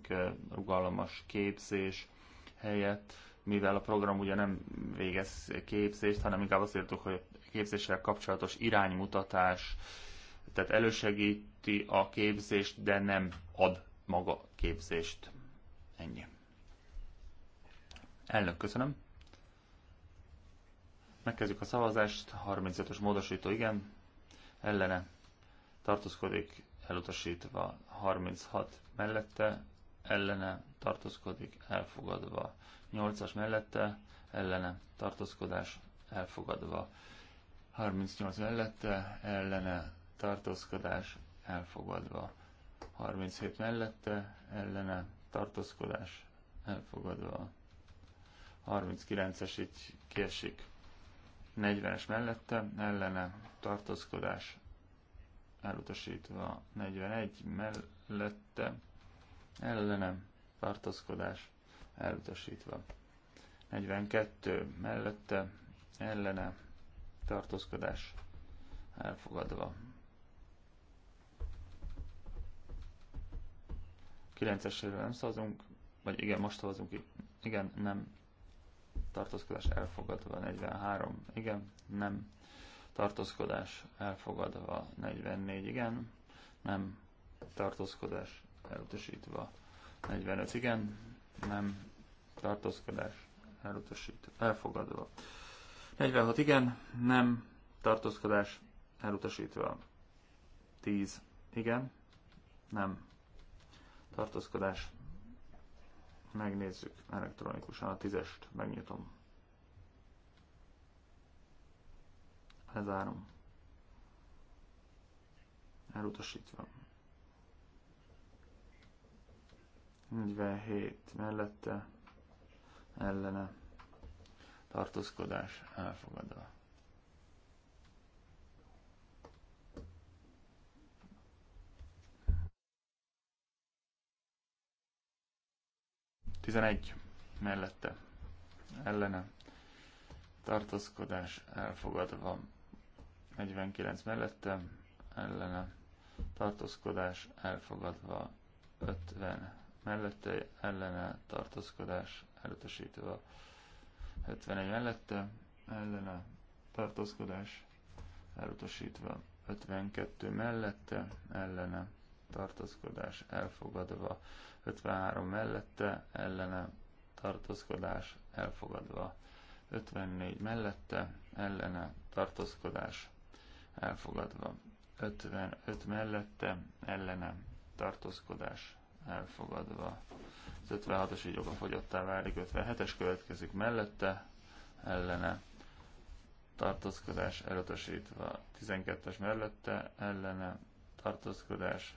Speaker 3: rugalmas képzés helyett, mivel a program ugye nem végez képzést, hanem inkább azt írtuk, hogy képzéssel kapcsolatos iránymutatás, tehát elősegíti a képzést, de nem ad maga képzést. Ennyi. Elnök, köszönöm. Megkezdjük a szavazást. 35-ös módosító, igen. Ellene tartózkodik, elutasítva 36 mellette, ellene tartózkodik, elfogadva 8-as mellette, ellene tartózkodás, elfogadva 38 mellette, ellene tartózkodás, elfogadva 37 mellette, ellene tartózkodás, elfogadva 39-es így kiesik. 40-es mellette, ellene tartózkodás, elutasítva 41 mellette ellenem tartózkodás elutasítva 42 mellette ellene tartózkodás elfogadva 9 esre nem szavazunk, vagy igen, most szavazunk, igen, nem tartózkodás elfogadva 43, igen, nem tartózkodás elfogadva 44 igen, nem tartózkodás elutasítva 45 igen, nem tartózkodás elutasít, elfogadva 46 igen, nem tartózkodás elutasítva 10 igen, nem tartózkodás megnézzük elektronikusan a tízest, megnyitom Lezárom. Elutasítva. 47 mellette, ellene, tartózkodás elfogadva. Tizenegy mellette, ellene, tartózkodás elfogadva. 49 mellette, ellene tartózkodás elfogadva, 50 mellette, ellene tartózkodás elutasítva, 51 mellette, ellene tartózkodás elutasítva, 52 mellette, ellene tartózkodás elfogadva, 53 mellette, ellene tartózkodás elfogadva, 54 mellette, ellene tartózkodás elfogadva. 55 mellette ellene tartózkodás elfogadva. Az 56-os így fogyottá válik, 57-es következik mellette ellene tartózkodás elutasítva. 12-es mellette ellene tartózkodás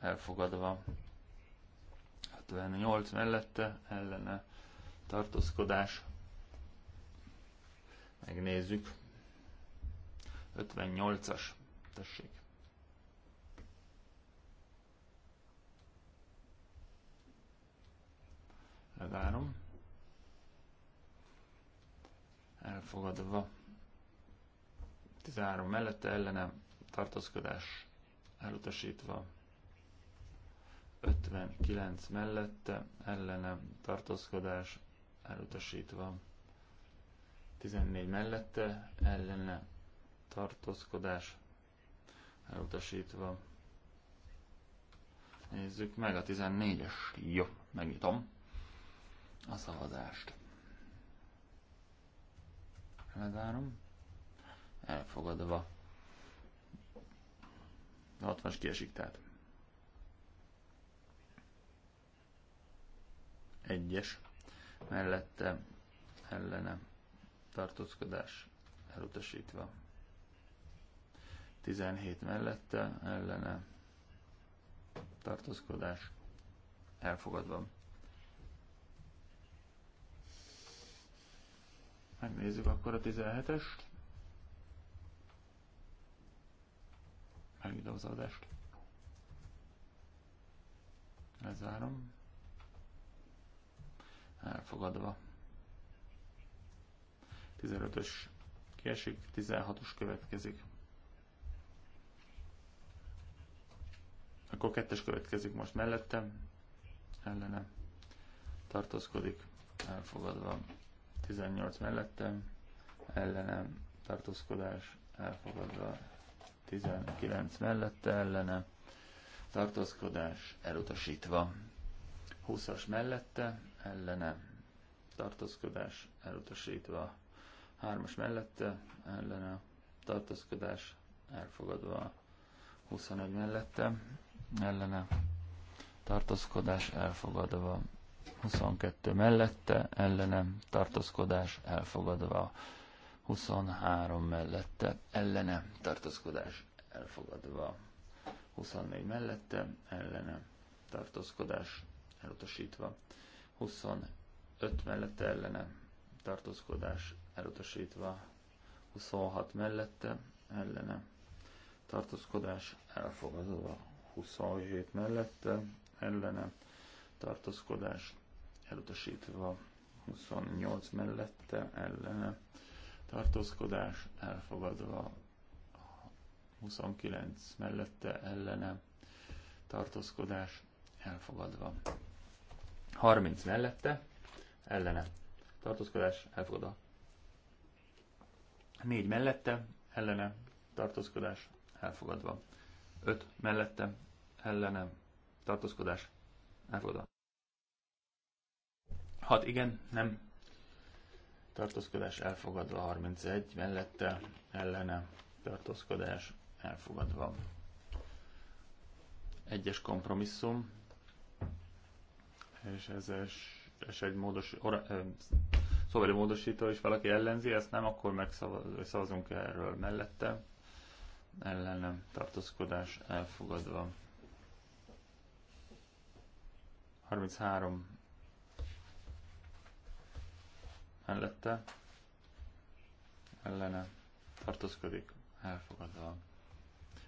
Speaker 3: elfogadva. 58 mellette ellene tartózkodás. Megnézzük. 58-as. Tessék. Levárom. Elfogadva. 13 mellette ellene tartózkodás elutasítva. 59 mellette ellene tartózkodás elutasítva. 14 mellette ellene tartózkodás elutasítva. Nézzük meg a 14-es. Jó, megnyitom a szavazást. Lezárom. Elfogadva. 60-as kiesik tehát. Egyes. Mellette ellene tartózkodás elutasítva. 17 mellette ellene tartózkodás elfogadva. Megnézzük akkor a 17 es Megnyitom az adást. Lezárom. Elfogadva. 15-ös kiesik, 16-os következik. Akkor kettes következik most mellettem, ellene tartózkodik, elfogadva. 18 mellettem, ellenem tartózkodás, elfogadva. 19 mellette, ellene tartózkodás, elutasítva. 20-as mellette, ellene tartózkodás, elutasítva. 3-as mellette, ellene tartózkodás, elfogadva. 21 mellette, ellene tartózkodás elfogadva. 22 mellette ellene tartózkodás elfogadva. 23 mellette ellene tartózkodás elfogadva. 24 mellette ellene tartózkodás elutasítva. 25 mellette ellene tartózkodás elutasítva. 26 mellette ellene tartózkodás elfogadva. 27 mellette ellene tartózkodás elutasítva 28 mellette ellene tartózkodás elfogadva 29 mellette ellene tartózkodás elfogadva 30 mellette ellene tartózkodás elfogadva 4 mellette ellene tartózkodás elfogadva 5 mellette ellenem tartózkodás Elfogadom. 6 igen, nem tartózkodás elfogadva, 31 mellette ellene tartózkodás elfogadva. Egyes kompromisszum, és ez, ez egy módos, ora, szóval szóbeli módosító, is valaki ellenzi ezt nem, akkor megszavazunk erről mellette. Ellenem tartózkodás elfogadva. 33 mellette ellene tartózkodik, elfogadva.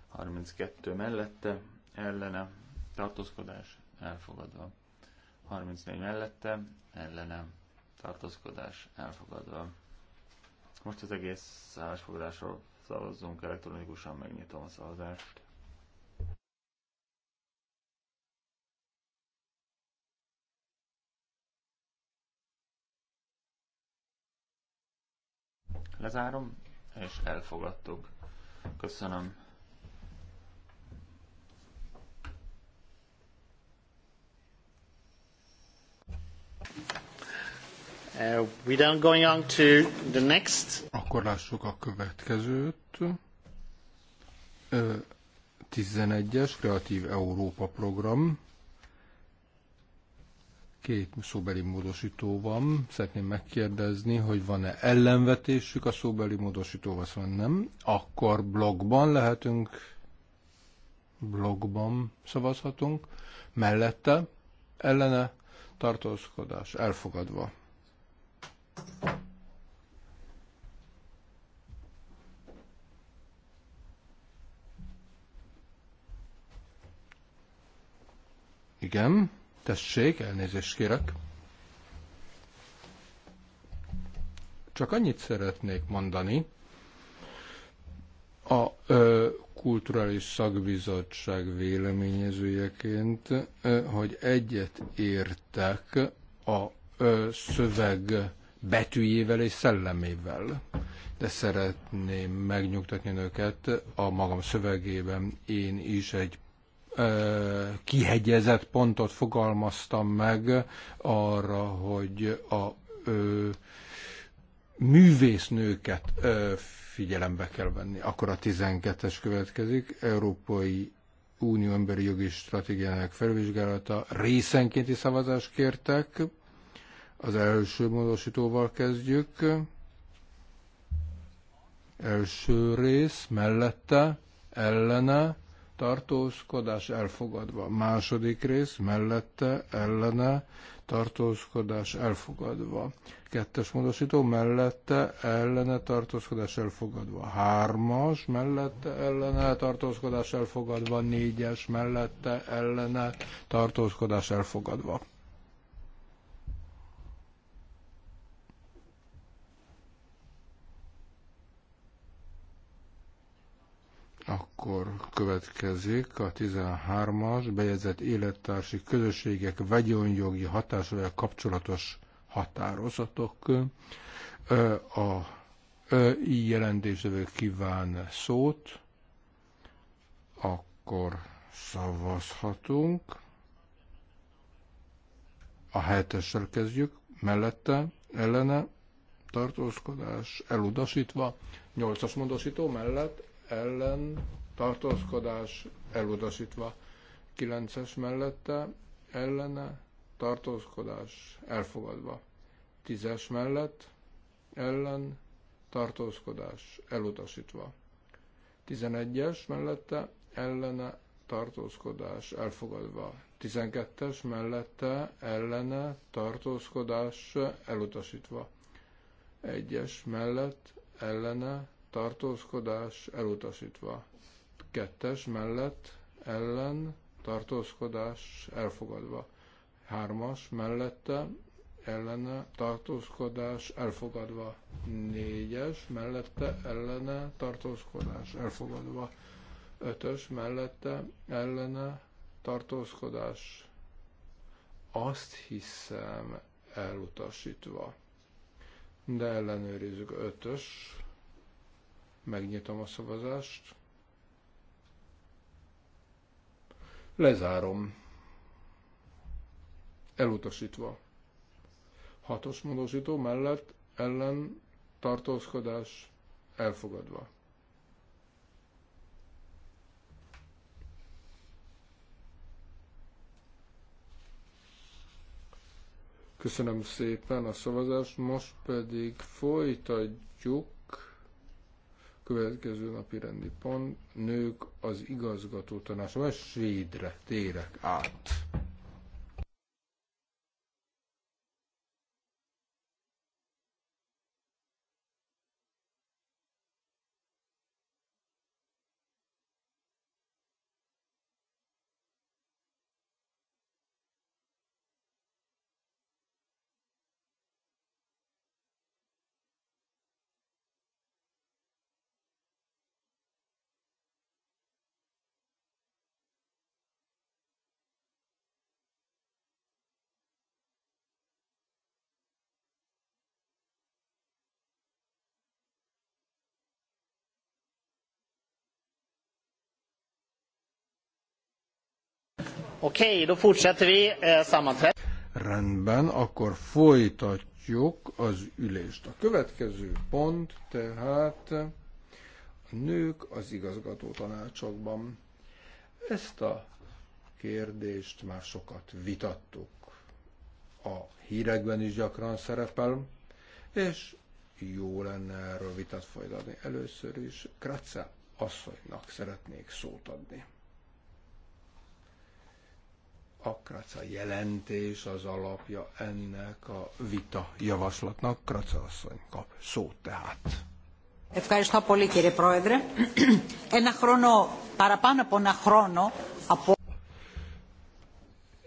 Speaker 3: 32 mellette ellene tartózkodás, elfogadva. 34 mellette ellene tartózkodás, elfogadva. Most az egész szállásfoglalásról szavazzunk elektronikusan, megnyitom a szavazást. Lezárom, és elfogadtuk. Köszönöm.
Speaker 2: Uh, we don't going on to the next.
Speaker 1: Akkor lássuk a következőt. Uh, 11-es Kreatív Európa program. Két szóbeli módosító van. Szeretném megkérdezni, hogy van-e ellenvetésük a szóbeli módosítóval, szóval nem. Akkor blogban lehetünk, blogban szavazhatunk. Mellette, ellene, tartózkodás elfogadva. Igen. Tessék, elnézést kérek. Csak annyit szeretnék mondani. A ö, kulturális szakbizottság véleményezőjeként, ö, hogy egyet értek a ö, szöveg betűjével és szellemével. De szeretném megnyugtatni önöket, a magam szövegében én is egy kihegyezett pontot fogalmaztam meg arra, hogy a ö, művésznőket ö, figyelembe kell venni. Akkor a 12-es következik, Európai Unió emberi jogi stratégiának felvizsgálata részenkénti szavazást kértek. Az első módosítóval kezdjük. Első rész mellette, ellene, tartózkodás elfogadva. Második rész mellette, ellene, tartózkodás elfogadva. Kettes módosító mellette, ellene, tartózkodás elfogadva. Hármas mellette, ellene, tartózkodás elfogadva. Négyes mellette, ellene, tartózkodás elfogadva. Akkor következik a 13-as bejegyzett élettársi közösségek vagyonjogi hatásával kapcsolatos határozatok. A jelentésevő kíván szót, akkor szavazhatunk. A helyettessel kezdjük, mellette, ellene, tartózkodás elutasítva, 8-as módosító mellett ellen tartózkodás elutasítva. 9-es mellette ellene tartózkodás elfogadva. 10-es mellett ellen tartózkodás elutasítva. 11-es mellette ellene tartózkodás elfogadva. 12-es mellette ellene tartózkodás elutasítva. 1-es mellett ellene tartózkodás elutasítva. Kettes mellett ellen tartózkodás elfogadva. Hármas mellette ellene tartózkodás elfogadva. Négyes mellette ellene tartózkodás elfogadva. Ötös mellette ellene tartózkodás azt hiszem elutasítva. De ellenőrizzük ötös Megnyitom a szavazást. Lezárom. Elutasítva. Hatos módosító mellett ellen tartózkodás elfogadva. Köszönöm szépen a szavazást, most pedig folytatjuk Következő napi rendi pont, nők az igazgató tanácsa, vagy svédre térek át.
Speaker 2: Oké, då fortsätter vi eh, sammanträdet.
Speaker 1: Rendben, akkor folytatjuk az ülést. A következő pont tehát a nők az igazgató tanácsokban. Ezt a kérdést már sokat vitattuk. A hírekben is gyakran szerepel, és jó lenne erről vitat folytatni. Először is Kratze asszonynak szeretnék szót adni. A jelentés az alapja ennek a vita javaslatnak. Kraca asszony kap szót tehát.
Speaker 3: Ευχαριστώ πολύ κύριε Πρόεδρε. Ένα χρόνο, παραπάνω από ένα χρόνο από...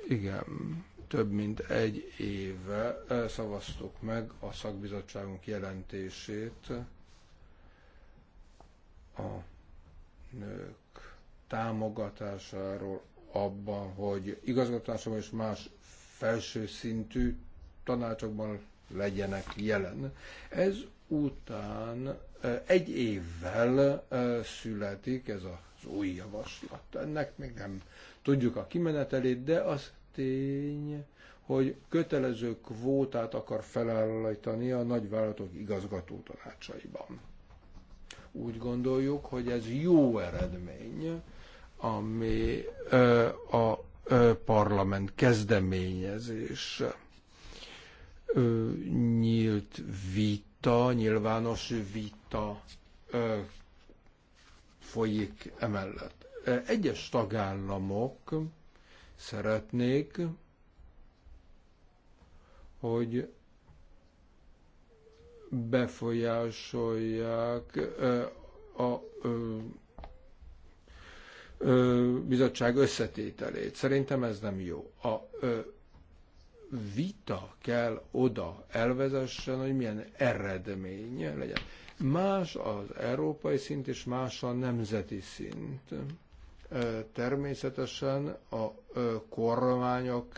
Speaker 1: Igen, több mint egy éve szavaztuk meg a szakbizottságunk jelentését a nők támogatásáról abban, hogy igazgatásban és más felső szintű tanácsokban legyenek jelen. Ez után egy évvel születik ez az új javaslat. Ennek még nem tudjuk a kimenetelét, de az tény, hogy kötelező kvótát akar felállítani a nagyvállalatok igazgató tanácsaiban. Úgy gondoljuk, hogy ez jó eredmény, ami a parlament kezdeményezés. Nyílt vita, nyilvános vita folyik emellett. Egyes tagállamok szeretnék, hogy befolyásolják a bizottság összetételét. Szerintem ez nem jó. A vita kell oda elvezessen, hogy milyen eredménye legyen. Más az európai szint, és más a nemzeti szint. Természetesen a kormányok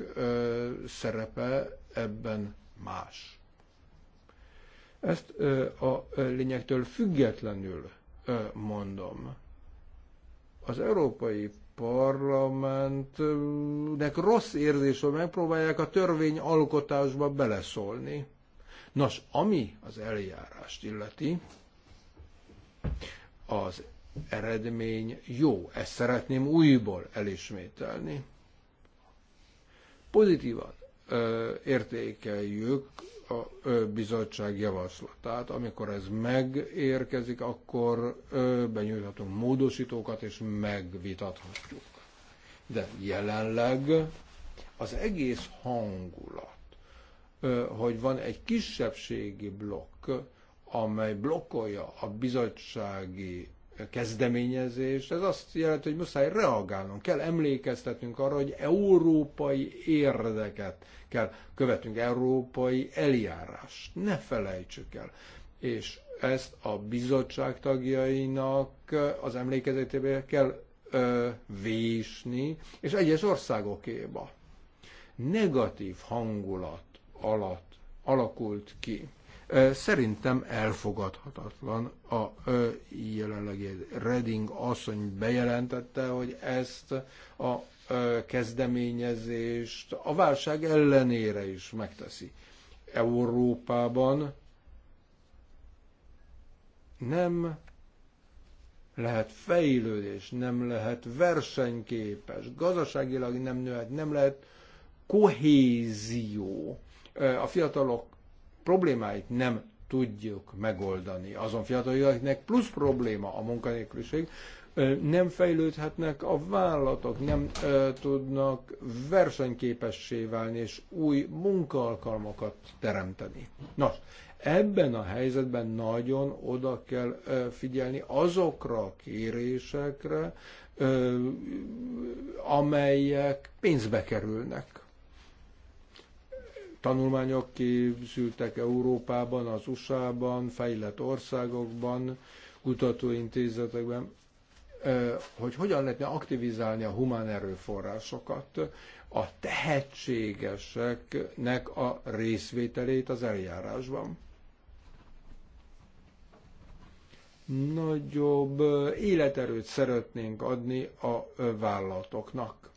Speaker 1: szerepe ebben más. Ezt a lényegtől függetlenül mondom az Európai Parlamentnek rossz érzés, hogy megpróbálják a alkotásba beleszólni. Nos, ami az eljárást illeti, az eredmény jó. Ezt szeretném újból elismételni. Pozitívan ö, értékeljük a bizottság javaslatát. Amikor ez megérkezik, akkor benyújthatunk módosítókat, és megvitathatjuk. De jelenleg az egész hangulat, hogy van egy kisebbségi blokk, amely blokkolja a bizottsági kezdeményezést. Ez azt jelenti, hogy muszáj reagálnunk, kell emlékeztetnünk arra, hogy európai érdeket kell követünk, európai eljárást. Ne felejtsük el. És ezt a bizottság tagjainak eh, az emlékezetébe kell ö, eh, vésni, és egyes országokéba. Negatív hangulat alatt alakult ki Szerintem elfogadhatatlan a jelenlegi Reding asszony bejelentette, hogy ezt a kezdeményezést a válság ellenére is megteszi. Európában nem lehet fejlődés, nem lehet versenyképes, gazdaságilag nem nőhet, nem lehet kohézió. A fiatalok problémáit nem tudjuk megoldani. Azon fiatalok, akiknek plusz probléma a munkanélküliség, nem fejlődhetnek a vállalatok, nem tudnak versenyképessé válni és új munkaalkalmakat teremteni. Nos, ebben a helyzetben nagyon oda kell figyelni azokra a kérésekre, amelyek pénzbe kerülnek tanulmányok készültek Európában, az USA-ban, fejlett országokban, kutatóintézetekben, hogy hogyan lehetne aktivizálni a humán erőforrásokat, a tehetségeseknek a részvételét az eljárásban. Nagyobb életerőt szeretnénk adni a vállalatoknak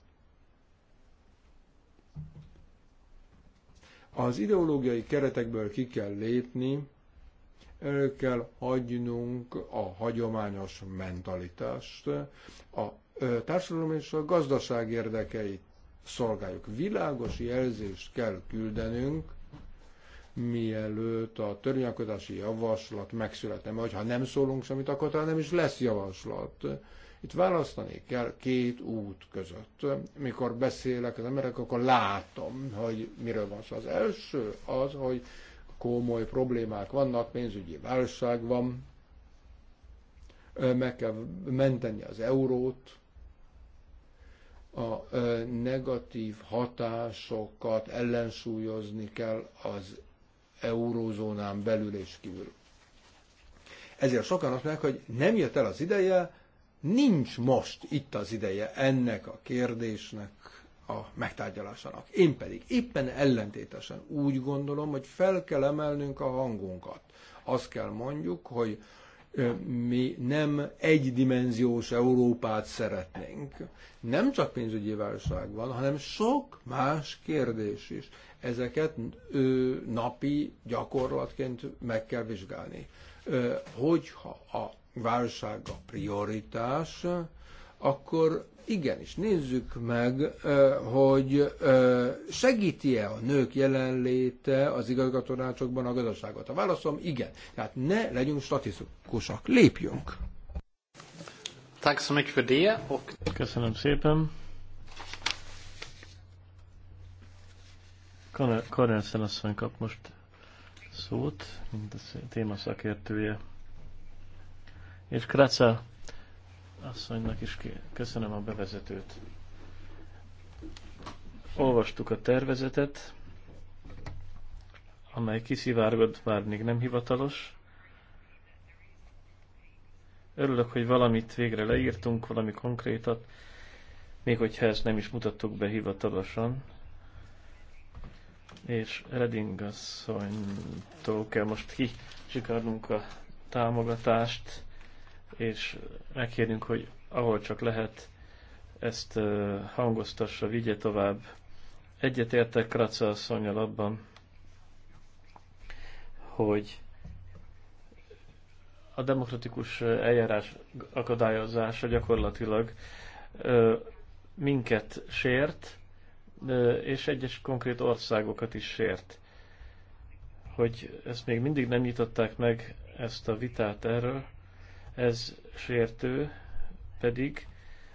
Speaker 1: Az ideológiai keretekből ki kell lépni, el kell hagynunk a hagyományos mentalitást, a társadalom és a gazdaság érdekeit szolgáljuk. Világos jelzést kell küldenünk, mielőtt a törvényalkotási javaslat megszületne, mert ha nem szólunk semmit, akkor talán nem is lesz javaslat. Itt választani kell két út között. Mikor beszélek az emberek, akkor látom, hogy miről van szó. Az első az, hogy komoly problémák vannak, pénzügyi válság van, meg kell menteni az eurót, a negatív hatásokat ellensúlyozni kell az eurózónán belül és kívül. Ezért sokan azt mondják, hogy nem jött el az ideje, Nincs most itt az ideje ennek a kérdésnek a megtárgyalásának. Én pedig éppen ellentétesen úgy gondolom, hogy fel kell emelnünk a hangunkat. Azt kell mondjuk, hogy mi nem egydimenziós Európát szeretnénk. Nem csak pénzügyi válság van, hanem sok más kérdés is. Ezeket ö, napi gyakorlatként meg kell vizsgálni. Ö, hogyha a válság a prioritás, akkor igenis nézzük meg, hogy segíti-e a nők jelenléte az igazgatónácsokban a gazdaságot. A válaszom igen. Tehát ne legyünk statisztikusak, lépjünk.
Speaker 2: Köszönöm szépen. Kornelszen asszony kap most szót, mint a téma szakértője és Kraca asszonynak is köszönöm a bevezetőt. Olvastuk a tervezetet, amely kiszivárgott, bár még nem hivatalos. Örülök, hogy valamit végre leírtunk, valami konkrétat, még hogyha ezt nem is mutattuk be hivatalosan. És Reding asszonytól kell most kicsikarnunk a támogatást és megkérünk, hogy ahol csak lehet, ezt hangoztassa, vigye tovább. Egyetértek Kraca asszonyal abban, hogy a demokratikus eljárás akadályozása gyakorlatilag minket sért, és egyes konkrét országokat is sért. Hogy ezt még mindig nem nyitották meg, ezt a vitát erről, ez sértő, pedig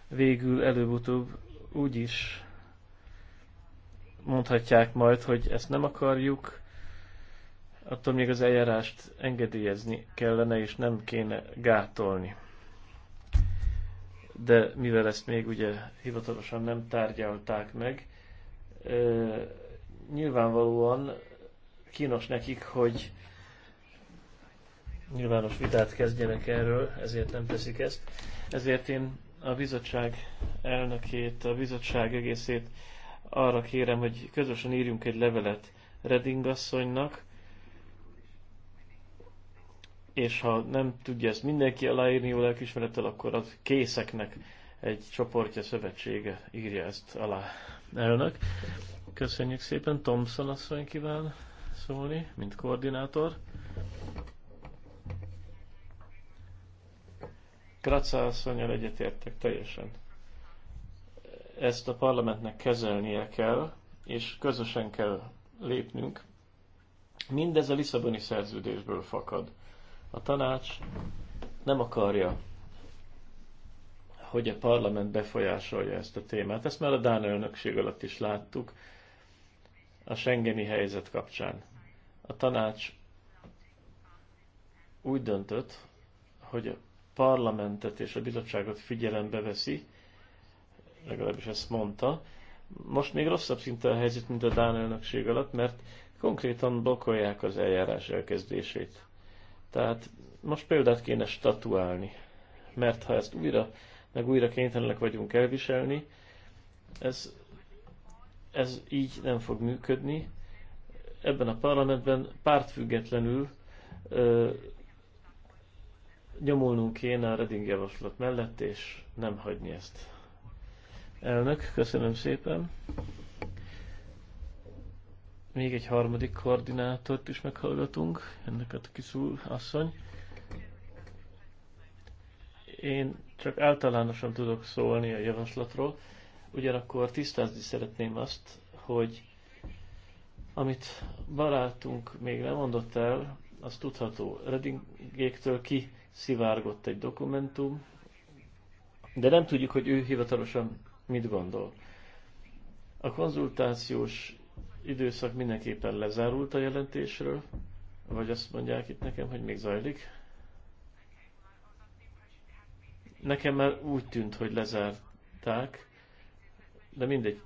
Speaker 2: végül előbb-utóbb úgy is mondhatják majd, hogy ezt nem akarjuk, attól még az eljárást engedélyezni kellene, és nem kéne gátolni. De mivel ezt még ugye hivatalosan nem tárgyalták meg, nyilvánvalóan kínos nekik, hogy nyilvános vitát kezdjenek erről, ezért nem teszik ezt. Ezért én a bizottság elnökét, a bizottság egészét arra kérem, hogy közösen írjunk egy levelet Reding asszonynak, és ha nem tudja ezt mindenki aláírni jó lelkismerettel, akkor az készeknek egy csoportja szövetsége írja ezt alá elnök. Köszönjük szépen, Thompson asszony kíván szólni, mint koordinátor. Kraca asszonyal egyetértek teljesen. Ezt a parlamentnek kezelnie kell, és közösen kell lépnünk. Mindez a Lisszaboni szerződésből fakad. A tanács nem akarja, hogy a parlament befolyásolja ezt a témát. Ezt már a Dán elnökség alatt is láttuk a Schengeni helyzet kapcsán. A tanács úgy döntött, hogy a parlamentet és a bizottságot figyelembe veszi, legalábbis ezt mondta. Most még rosszabb szinte a helyzet, mint a Dán elnökség alatt, mert konkrétan blokkolják az eljárás elkezdését. Tehát most példát kéne statuálni, mert ha ezt újra, meg újra kénytelenek vagyunk elviselni, ez, ez így nem fog működni. Ebben a parlamentben pártfüggetlenül nyomulnunk kéne a Reding javaslat mellett, és nem hagyni ezt. Elnök, köszönöm szépen. Még egy harmadik koordinátort is meghallgatunk, ennek a kiszúr asszony. Én csak általánosan tudok szólni a javaslatról, ugyanakkor tisztázni szeretném azt, hogy amit barátunk még nem mondott el, az tudható. Redingéktől ki szivárgott egy dokumentum, de nem tudjuk, hogy ő hivatalosan mit gondol. A konzultációs időszak mindenképpen lezárult a jelentésről, vagy azt mondják itt nekem, hogy még zajlik. Nekem már úgy tűnt, hogy lezárták, de mindegy.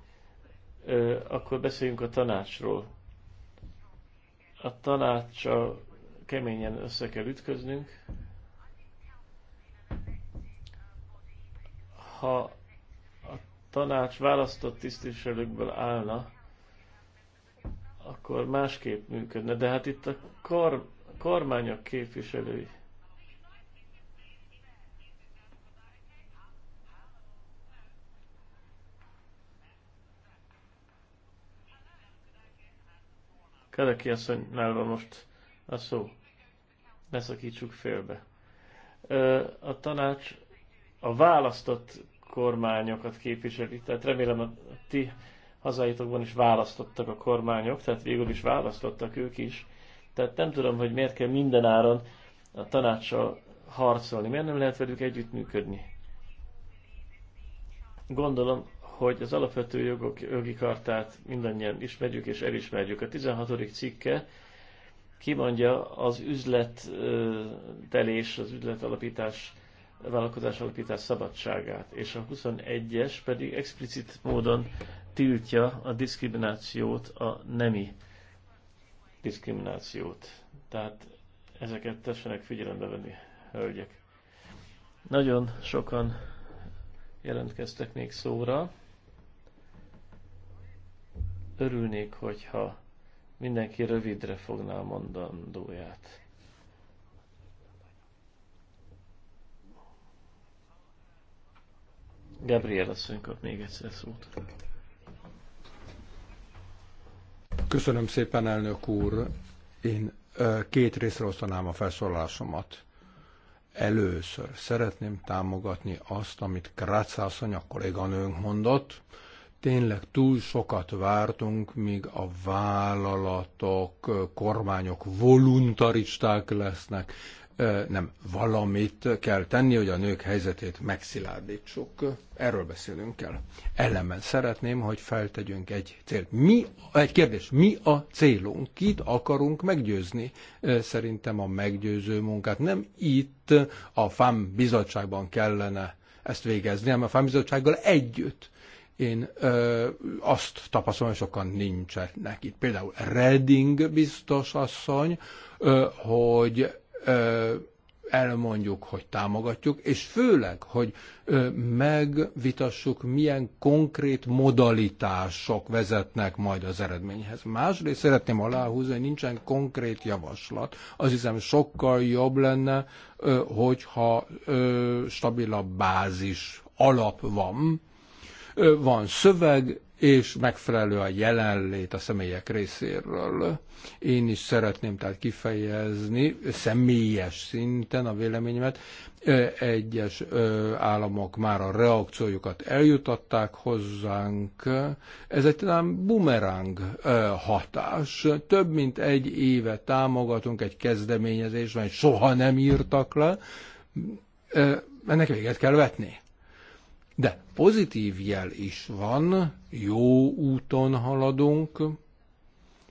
Speaker 2: Ö, akkor beszéljünk a tanácsról. A tanácsa keményen össze kell ütköznünk. ha a tanács választott tisztviselőkből állna, akkor másképp működne. De hát itt a kor, kormányok képviselői. Kereki asszonynál van most a szó. Ne szakítsuk félbe. A tanács a választott kormányokat képviselik. Tehát remélem a ti hazaitokban is választottak a kormányok, tehát végül is választottak ők is. Tehát nem tudom, hogy miért kell minden áron a tanácssal harcolni, miért nem lehet velük együttműködni. Gondolom, hogy az alapvető jogok, jogi kartát mindannyian ismerjük és elismerjük. A 16. cikke kimondja az üzletelés, az üzletalapítás vállalkozás alapítás szabadságát, és a 21-es pedig explicit módon tiltja a diszkriminációt, a nemi diszkriminációt. Tehát ezeket tessenek figyelembe venni, hölgyek. Nagyon sokan jelentkeztek még szóra. Örülnék, hogyha mindenki rövidre fogná a mondandóját. Gabriel asszony kap még egyszer szót.
Speaker 1: Köszönöm szépen, elnök úr. Én két részre osztanám a felszólalásomat. Először szeretném támogatni azt, amit Krácz asszony, a kolléganőnk mondott. Tényleg túl sokat vártunk, míg a vállalatok, kormányok voluntaristák lesznek, nem valamit kell tenni, hogy a nők helyzetét megszilárdítsuk. Erről beszélünk kell. Ellenben szeretném, hogy feltegyünk egy célt. Mi, egy kérdés, mi a célunk? Kit akarunk meggyőzni? Szerintem a meggyőző munkát nem itt a FAM bizottságban kellene ezt végezni, hanem a FAM bizottsággal együtt. Én ö, azt tapasztalom, hogy sokan nincsenek itt. Például Redding biztos asszony, ö, hogy elmondjuk, hogy támogatjuk, és főleg, hogy megvitassuk, milyen konkrét modalitások vezetnek majd az eredményhez. Másrészt szeretném aláhúzni, hogy nincsen konkrét javaslat. Az hiszem, sokkal jobb lenne, hogyha stabilabb bázis alap van, van szöveg, és megfelelő a jelenlét a személyek részéről. Én is szeretném tehát kifejezni személyes szinten a véleményemet. Egyes államok már a reakciójukat eljutatták hozzánk. Ez egy talán bumerang hatás. Több mint egy éve támogatunk egy kezdeményezést, mert soha nem írtak le. Ennek véget kell vetni de pozitív jel is van, jó úton haladunk,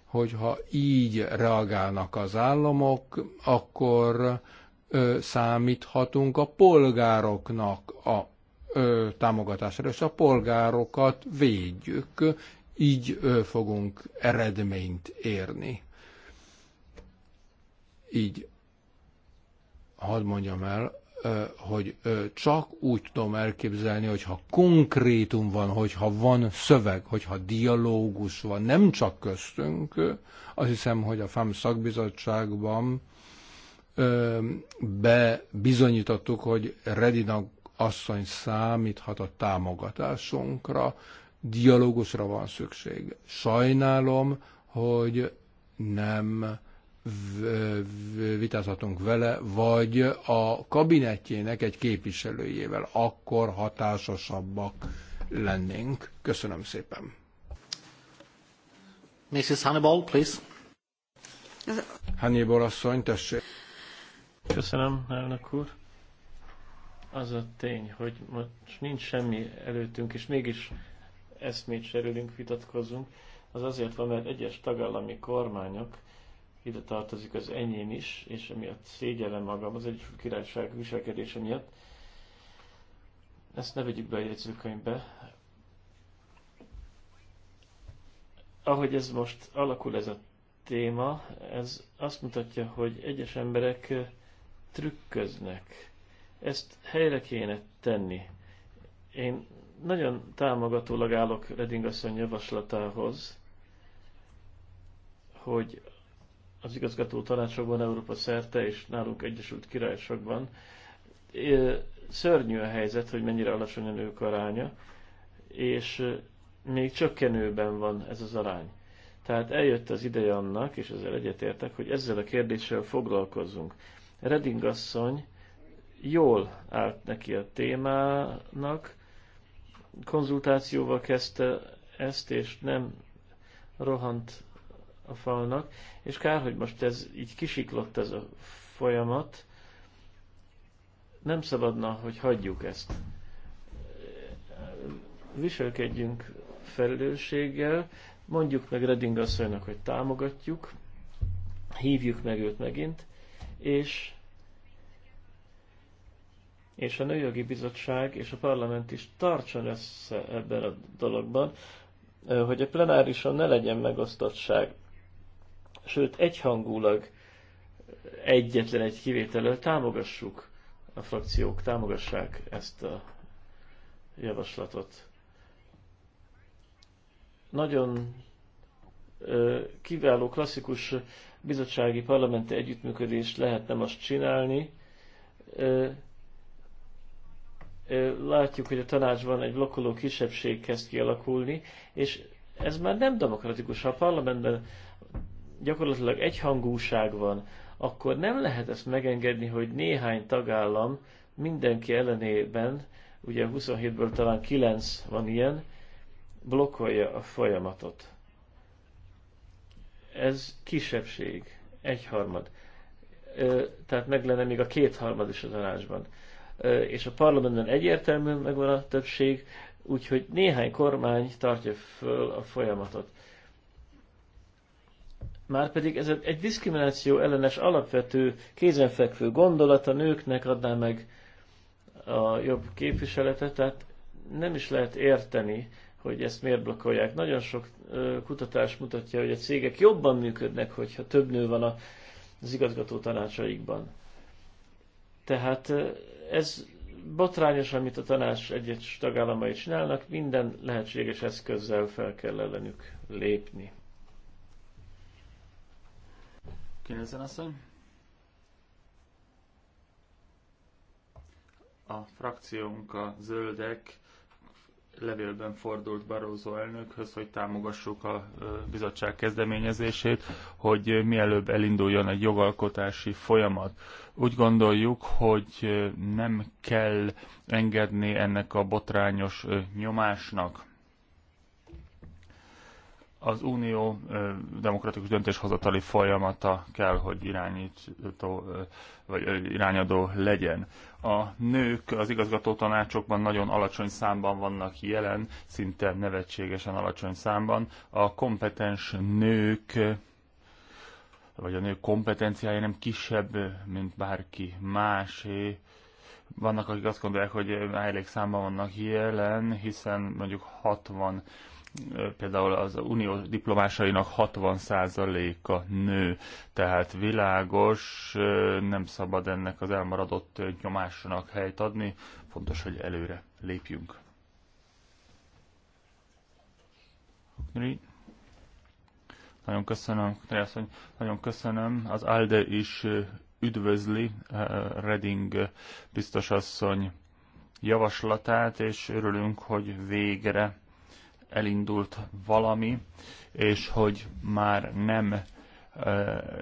Speaker 1: hogyha így reagálnak az államok, akkor ö, számíthatunk a polgároknak a ö, támogatásra, és a polgárokat védjük, így ö, fogunk eredményt érni. Így hadd mondjam el, hogy csak úgy tudom elképzelni, hogyha konkrétum van, hogyha van szöveg, hogyha dialógus van, nem csak köztünk, azt hiszem, hogy a FAM szakbizottságban bebizonyítottuk, hogy Redina asszony számíthat a támogatásunkra, dialógusra van szükség. Sajnálom, hogy nem vitázhatunk vele, vagy a kabinetjének egy képviselőjével, akkor hatásosabbak lennénk. Köszönöm szépen. Mrs. Hannibal, please. Hannibal asszony, tessék. Köszönöm, elnök úr.
Speaker 2: Az a tény, hogy most nincs semmi előttünk, és mégis eszmét serülünk, vitatkozunk, az azért van, mert egyes tagállami kormányok ide tartozik az enyém is, és emiatt szégyellem magam az egy Királyság viselkedése miatt. Ezt ne vegyük be a jegyzőkönyvbe. Ahogy ez most alakul ez a téma, ez azt mutatja, hogy egyes emberek trükköznek. Ezt helyre kéne tenni. Én nagyon támogatólag állok Reding asszony javaslatához, hogy az igazgató tanácsokban Európa szerte és nálunk Egyesült Királyságban. Szörnyű a helyzet, hogy mennyire alacsony a nők aránya, és még csökkenőben van ez az arány. Tehát eljött az ideje annak, és ezzel egyetértek, hogy ezzel a kérdéssel foglalkozzunk. Reding asszony jól állt neki a témának, konzultációval kezdte ezt, és nem rohant a falnak, és kár, hogy most ez így kisiklott ez a folyamat. Nem szabadna, hogy hagyjuk ezt. Viselkedjünk felelősséggel, mondjuk meg Reding asszonynak, hogy támogatjuk, hívjuk meg őt megint, és és a Nőjogi Bizottság és a Parlament is tartson össze ebben a dologban, hogy a plenárison ne legyen megosztottság sőt egyhangulag egyetlen egy kivételről támogassuk a frakciók, támogassák ezt a javaslatot. Nagyon kiváló klasszikus bizottsági parlamenti együttműködést lehetne most csinálni. Látjuk, hogy a tanácsban egy blokkoló kisebbség kezd kialakulni, és ez már nem demokratikus. Ha a parlamentben gyakorlatilag egyhangúság van, akkor nem lehet ezt megengedni, hogy néhány tagállam mindenki ellenében, ugye 27-ből talán 9 van ilyen, blokkolja a folyamatot. Ez kisebbség, egyharmad. Tehát meg lenne még a kétharmad is a tanácsban. És a parlamentben egyértelműen megvan a többség, úgyhogy néhány kormány tartja föl a folyamatot. Márpedig ez egy diszkrimináció ellenes alapvető kézenfekvő gondolat a nőknek adná meg a jobb képviseletet, tehát nem is lehet érteni, hogy ezt miért blokkolják. Nagyon sok kutatás mutatja, hogy a cégek jobban működnek, hogyha több nő van az igazgató tanácsaikban. Tehát ez botrányos, amit a tanács egyes tagállamai csinálnak, minden lehetséges eszközzel fel kell ellenük
Speaker 3: lépni. Kinezen asszony. A frakciónk, a zöldek levélben fordult Barózó elnökhöz, hogy támogassuk a bizottság kezdeményezését, hogy mielőbb elinduljon egy jogalkotási folyamat. Úgy gondoljuk, hogy nem kell engedni ennek a botrányos nyomásnak az unió demokratikus döntéshozatali folyamata kell, hogy irányító, vagy irányadó legyen. A nők az igazgató tanácsokban nagyon alacsony számban vannak jelen, szinte nevetségesen alacsony számban. A kompetens nők vagy a nők kompetenciája nem kisebb, mint bárki másé. Vannak, akik azt gondolják, hogy elég számban vannak jelen, hiszen mondjuk 60 például az unió diplomásainak 60%-a nő, tehát világos, nem szabad ennek az elmaradott nyomásnak helyt adni, fontos, hogy előre lépjünk. Nagyon köszönöm, nagyon köszönöm. Az ALDE is üdvözli Reding biztosasszony javaslatát, és örülünk, hogy végre elindult valami, és hogy már nem e,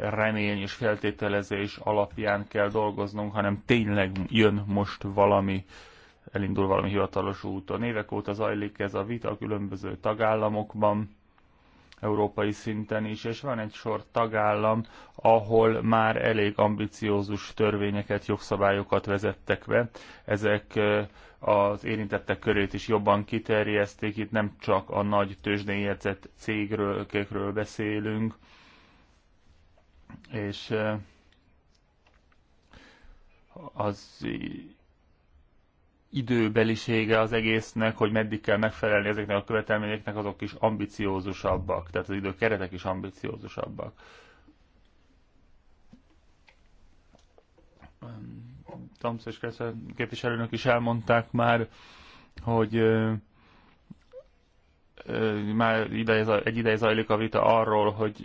Speaker 3: remény és feltételezés alapján kell dolgoznunk, hanem tényleg jön most valami, elindul valami hivatalos úton. Évek óta zajlik ez a vita a különböző tagállamokban, európai szinten is, és van egy sor tagállam, ahol már elég ambiciózus törvényeket, jogszabályokat vezettek be. Ezek az érintettek körét is jobban kiterjeszték, itt nem csak a nagy tőzsdéjegyzett cégről, kékről beszélünk, és az időbelisége az egésznek, hogy meddig kell megfelelni ezeknek a követelményeknek, azok is ambiciózusabbak, tehát az időkeretek is ambiciózusabbak. Tamsz és Kressze képviselőnök is elmondták már, hogy már ideje, egy ideje zajlik a vita arról, hogy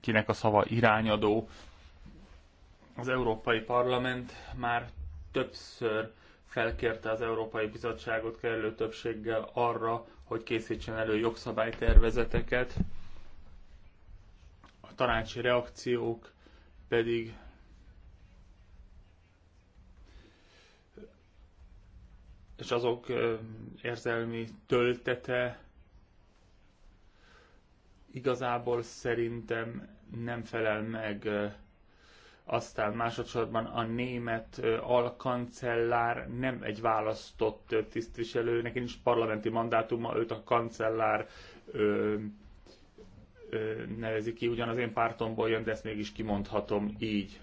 Speaker 3: kinek a szava irányadó. Az Európai Parlament már többször felkérte az Európai Bizottságot kerülő többséggel arra, hogy készítsen elő jogszabálytervezeteket. A tanácsi reakciók pedig és azok érzelmi töltete igazából szerintem nem felel meg aztán másodszorban a német alkancellár nem egy választott tisztviselő, neki nincs parlamenti mandátuma, őt a kancellár ö, ö, nevezi ki, ugyanaz én pártomból jön, de ezt mégis kimondhatom így.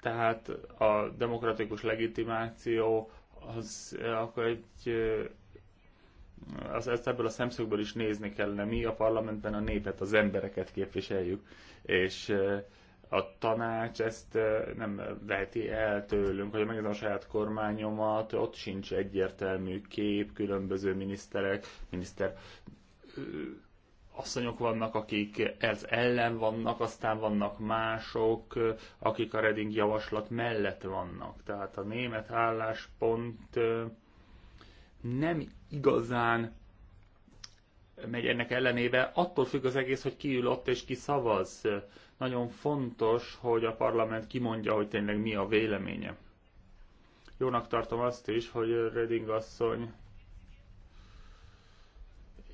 Speaker 3: Tehát a demokratikus legitimáció az akkor egy az, ezt ebből a szemszögből is nézni kellene. Mi a parlamentben a népet, az embereket képviseljük, és a tanács ezt nem veheti el tőlünk, hogy megnézem a saját kormányomat, ott sincs egyértelmű kép, különböző miniszterek, miniszter asszonyok vannak, akik ez ellen vannak, aztán vannak mások, akik a Reding javaslat mellett vannak. Tehát a német álláspont nem igazán megy ennek ellenébe. Attól függ az egész, hogy ki ül ott és ki szavaz. Nagyon fontos, hogy a parlament kimondja, hogy tényleg mi a véleménye. Jónak tartom azt is, hogy Reding asszony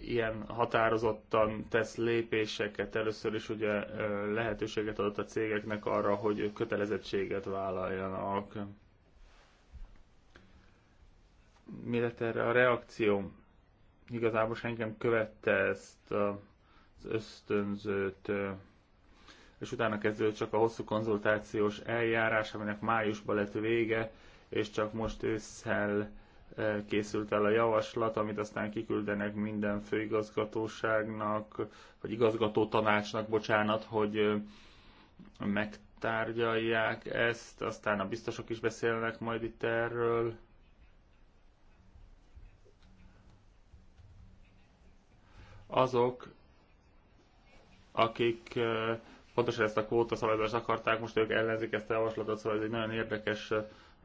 Speaker 3: ilyen határozottan tesz lépéseket. Először is ugye lehetőséget adott a cégeknek arra, hogy kötelezettséget vállaljanak mi lett erre a reakció Igazából senki követte ezt az ösztönzőt, és utána kezdődött csak a hosszú konzultációs eljárás, aminek májusban lett vége, és csak most ősszel készült el a javaslat, amit aztán kiküldenek minden főigazgatóságnak, vagy igazgató tanácsnak, bocsánat, hogy megtárgyalják ezt, aztán a biztosok is beszélnek majd itt erről azok, akik pontosan ezt a kvóta szabályozást akarták, most ők ellenzik ezt a javaslatot, szóval ez egy nagyon érdekes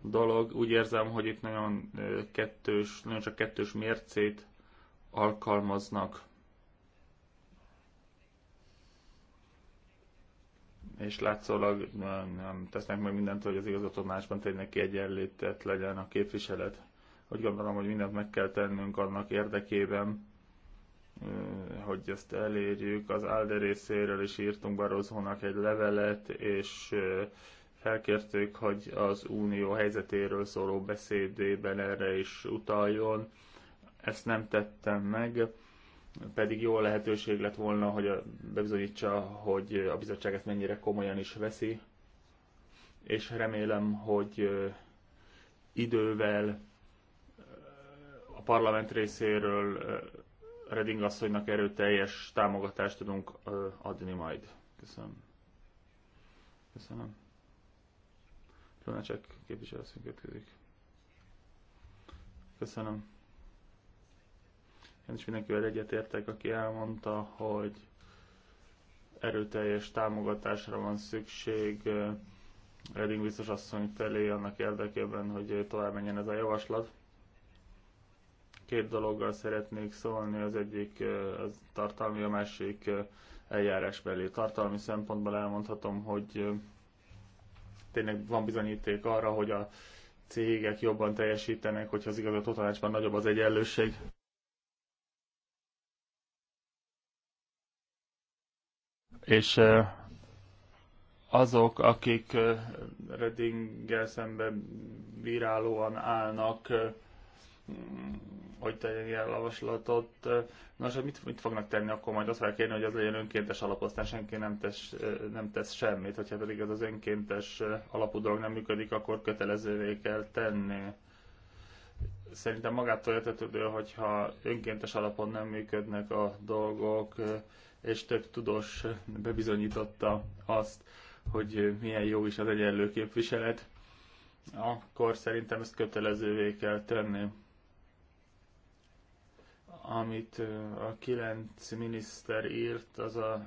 Speaker 3: dolog. Úgy érzem, hogy itt nagyon kettős, nagyon csak kettős mércét alkalmaznak. És látszólag nem tesznek meg mindent, hogy az igazgatónásban tényleg kiegyenlített legyen a képviselet. Úgy gondolom, hogy mindent meg kell tennünk annak érdekében, hogy ezt elérjük. Az ALDE részéről is írtunk Barozónak egy levelet, és felkértük, hogy az unió helyzetéről szóló beszédében erre is utaljon. Ezt nem tettem meg, pedig jó lehetőség lett volna, hogy a, bebizonyítsa, hogy a bizottság ezt mennyire komolyan is veszi, és remélem, hogy idővel a parlament részéről Reding asszonynak erőteljes támogatást tudunk adni majd. Köszönöm. Köszönöm. Lunacek képviselőszünk következik. Köszönöm. Én is mindenkivel egyetértek, aki elmondta, hogy erőteljes támogatásra van szükség Reding biztos asszony felé annak érdekében, hogy tovább menjen ez a javaslat. Két dologgal szeretnék szólni, az egyik az tartalmi, a másik eljárásbeli. Tartalmi szempontból elmondhatom, hogy tényleg van bizonyíték arra, hogy a cégek jobban teljesítenek, hogyha az igazgató tanácsban nagyobb az egyenlőség. És azok, akik Reddinggel szemben virálóan állnak, hogy tegyen ilyen javaslatot. Nos, mit, mit fognak tenni, akkor majd azt kell kérni, hogy az legyen önkéntes alap, aztán senki nem tesz, nem tesz semmit. Hogyha pedig ez az önkéntes alapú dolog nem működik, akkor kötelezővé kell tenni. Szerintem magától értetődő, hogyha önkéntes alapon nem működnek a dolgok, és több tudós bebizonyította azt, hogy milyen jó is az egyenlő képviselet, akkor szerintem ezt kötelezővé kell tenni amit a kilenc miniszter írt, az a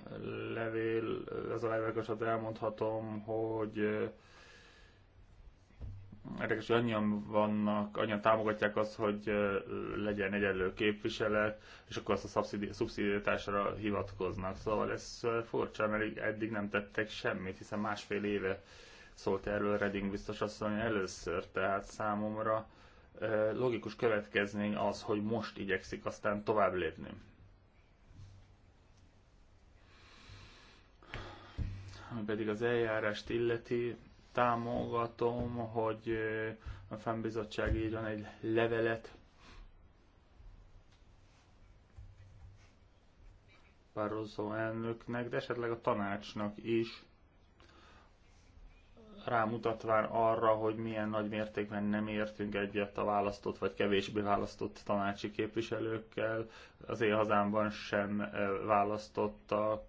Speaker 3: levél, az a levél, kapcsolat elmondhatom, hogy érdekes, hogy annyian vannak, annyian támogatják azt, hogy legyen egyenlő képviselet, és akkor azt a szubszidiaritásra hivatkoznak. Szóval ez furcsa, mert eddig nem tettek semmit, hiszen másfél éve szólt erről Reding biztos asszony először, tehát számomra logikus következmény az, hogy most igyekszik aztán tovább lépni. Ami pedig az eljárást illeti, támogatom, hogy a fennbizottság írjon egy levelet Barroso elnöknek, de esetleg a tanácsnak is, rámutatván arra, hogy milyen nagy mértékben nem értünk egyet a választott vagy kevésbé választott tanácsi képviselőkkel. Az én hazámban sem választottak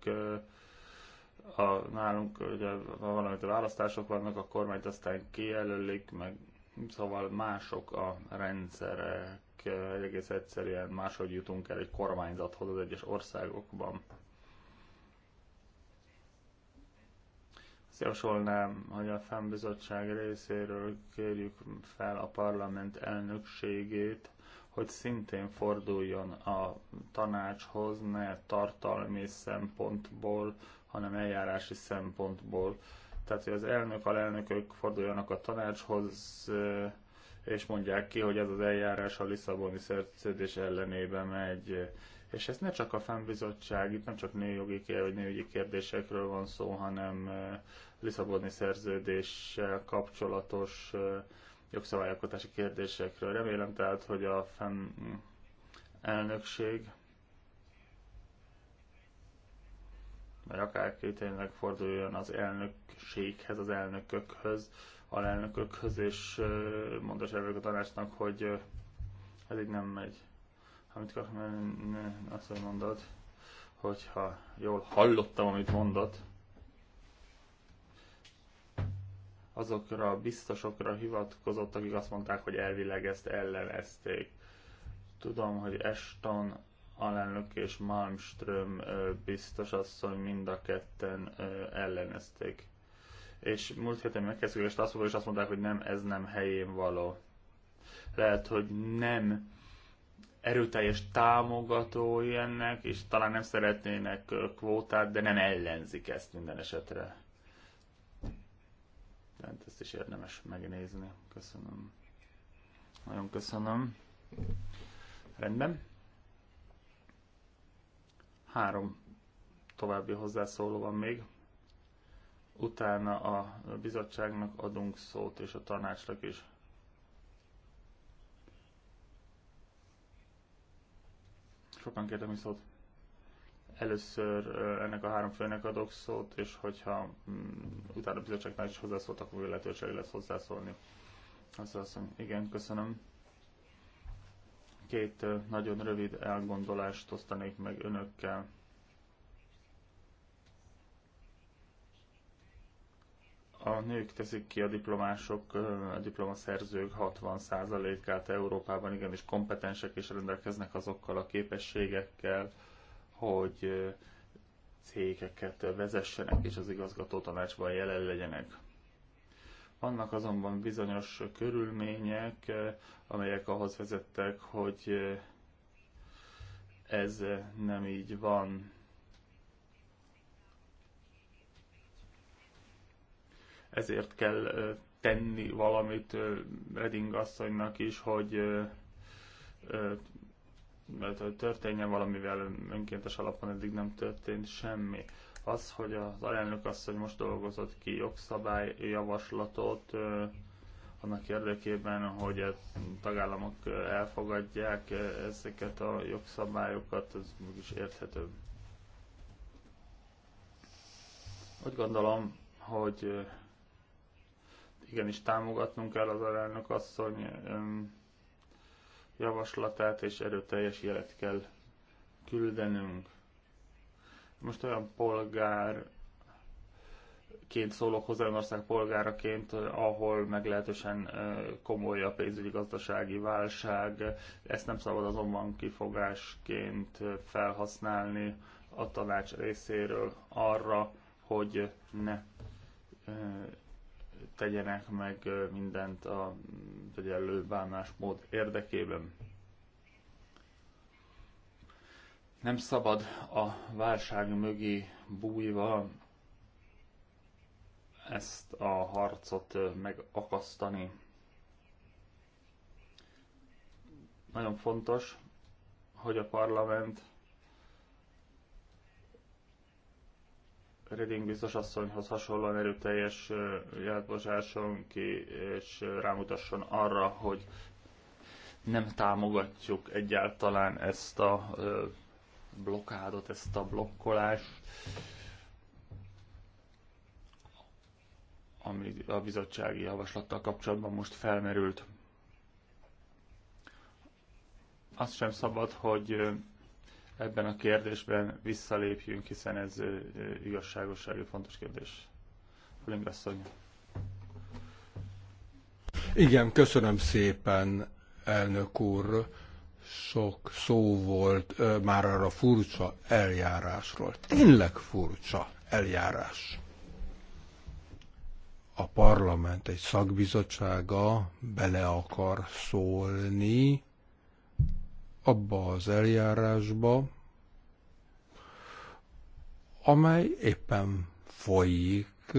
Speaker 3: A nálunk ugye, ha valamit a választások vannak, a kormányt aztán kijelölik, meg szóval mások a rendszerek, egész egyszerűen máshogy jutunk el egy kormányzathoz az egyes országokban. javasolnám, hogy a fennbizottság részéről kérjük fel a parlament elnökségét, hogy szintén forduljon a tanácshoz, ne tartalmi szempontból, hanem eljárási szempontból. Tehát, hogy az elnök, a elnökök forduljanak a tanácshoz, eh, és mondják ki, hogy ez az eljárás a Lisszaboni szerződés ellenében megy és ez ne csak a fennbizottság, itt nem csak nőjogi vagy nőjogi kérdésekről van szó, hanem Lisszaboni szerződéssel kapcsolatos jogszabályalkotási kérdésekről. Remélem tehát, hogy a fenn mm, elnökség vagy akárki tényleg forduljon az elnökséghez, az elnökökhöz, alelnökökhöz, és mondos elők a tanácsnak, hogy ez így nem megy amit azt mondod, hogyha jól hallottam, amit mondott, azokra a biztosokra hivatkozott, akik azt mondták, hogy elvileg ezt ellenezték. Tudom, hogy Eston alelnök és Malmström biztos asszony mind a ketten ellenezték. És múlt héten megkezdődött, és azt mondták, hogy nem, ez nem helyén való. Lehet, hogy nem erőteljes támogatói ennek, és talán nem szeretnének kvótát, de nem ellenzik ezt minden esetre. Tehát ezt is érdemes megnézni. Köszönöm. Nagyon köszönöm. Rendben. Három további hozzászóló van még. Utána a bizottságnak adunk szót, és a tanácsnak is. sokan kértek is szót. Először ennek a három főnek adok szót, és hogyha um, utána a bizottságnál is hozzászólt, akkor lehetőség lesz hozzászólni. Azt hiszem, igen, köszönöm. Két nagyon rövid elgondolást osztanék meg önökkel a nők teszik ki a diplomások, a diplomaszerzők 60%-át Európában igenis kompetensek és rendelkeznek azokkal a képességekkel, hogy cégeket vezessenek és az igazgató tanácsban jelen legyenek. Vannak azonban bizonyos körülmények, amelyek ahhoz vezettek, hogy ez nem így van. ezért kell tenni valamit Reding asszonynak is, hogy történjen valamivel önkéntes alapon eddig nem történt semmi. Az, hogy az alelnök asszony most dolgozott ki jogszabályjavaslatot, annak érdekében, hogy a tagállamok elfogadják ezeket a jogszabályokat, ez mégis érthető. Úgy gondolom, hogy igenis támogatnunk kell az alelnök asszony javaslatát, és erőteljes jelet kell küldenünk. Most olyan polgár ként szólok hozzá, ország polgáraként, ahol meglehetősen komoly a pénzügyi gazdasági válság. Ezt nem szabad azonban kifogásként felhasználni a tanács részéről arra, hogy ne tegyenek meg mindent a egyenlő bánásmód érdekében. Nem szabad a válság mögé bújva ezt a harcot megakasztani. Nagyon fontos, hogy a parlament Reding biztos asszonyhoz hasonlóan erőteljes jelentbozsáson ki, és rámutasson arra, hogy nem támogatjuk egyáltalán ezt a blokádot, ezt a blokkolást, ami a bizottsági javaslattal kapcsolatban most felmerült. Azt sem szabad, hogy ebben a kérdésben visszalépjünk, hiszen ez igazságossági fontos
Speaker 1: kérdés. Fülünk asszony. Igen, köszönöm szépen, elnök úr. Sok szó volt ö, már arra furcsa eljárásról. Tényleg furcsa eljárás. A parlament egy szakbizottsága bele akar szólni abba az eljárásba, amely éppen folyik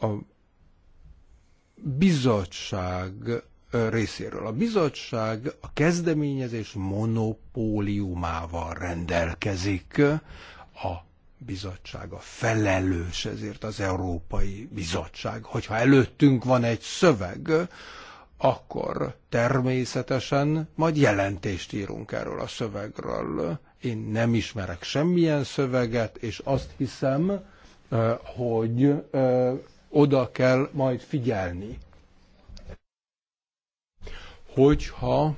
Speaker 1: a bizottság részéről. A bizottság a kezdeményezés monopóliumával rendelkezik. A bizottság a felelős ezért az Európai Bizottság. Hogyha előttünk van egy szöveg, akkor természetesen majd jelentést írunk erről a szövegről. Én nem ismerek semmilyen szöveget, és azt hiszem, hogy oda kell majd figyelni. Hogyha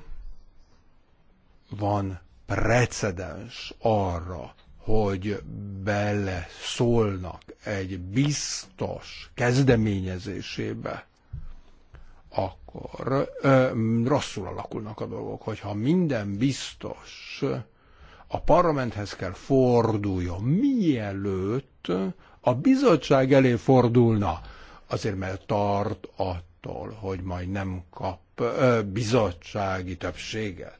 Speaker 1: van precedens arra, hogy beleszólnak egy biztos kezdeményezésébe, akkor ö, rosszul alakulnak a dolgok, hogyha minden biztos, a parlamenthez kell forduljon, mielőtt a bizottság elé fordulna, azért mert tart attól, hogy majd nem kap ö, bizottsági többséget.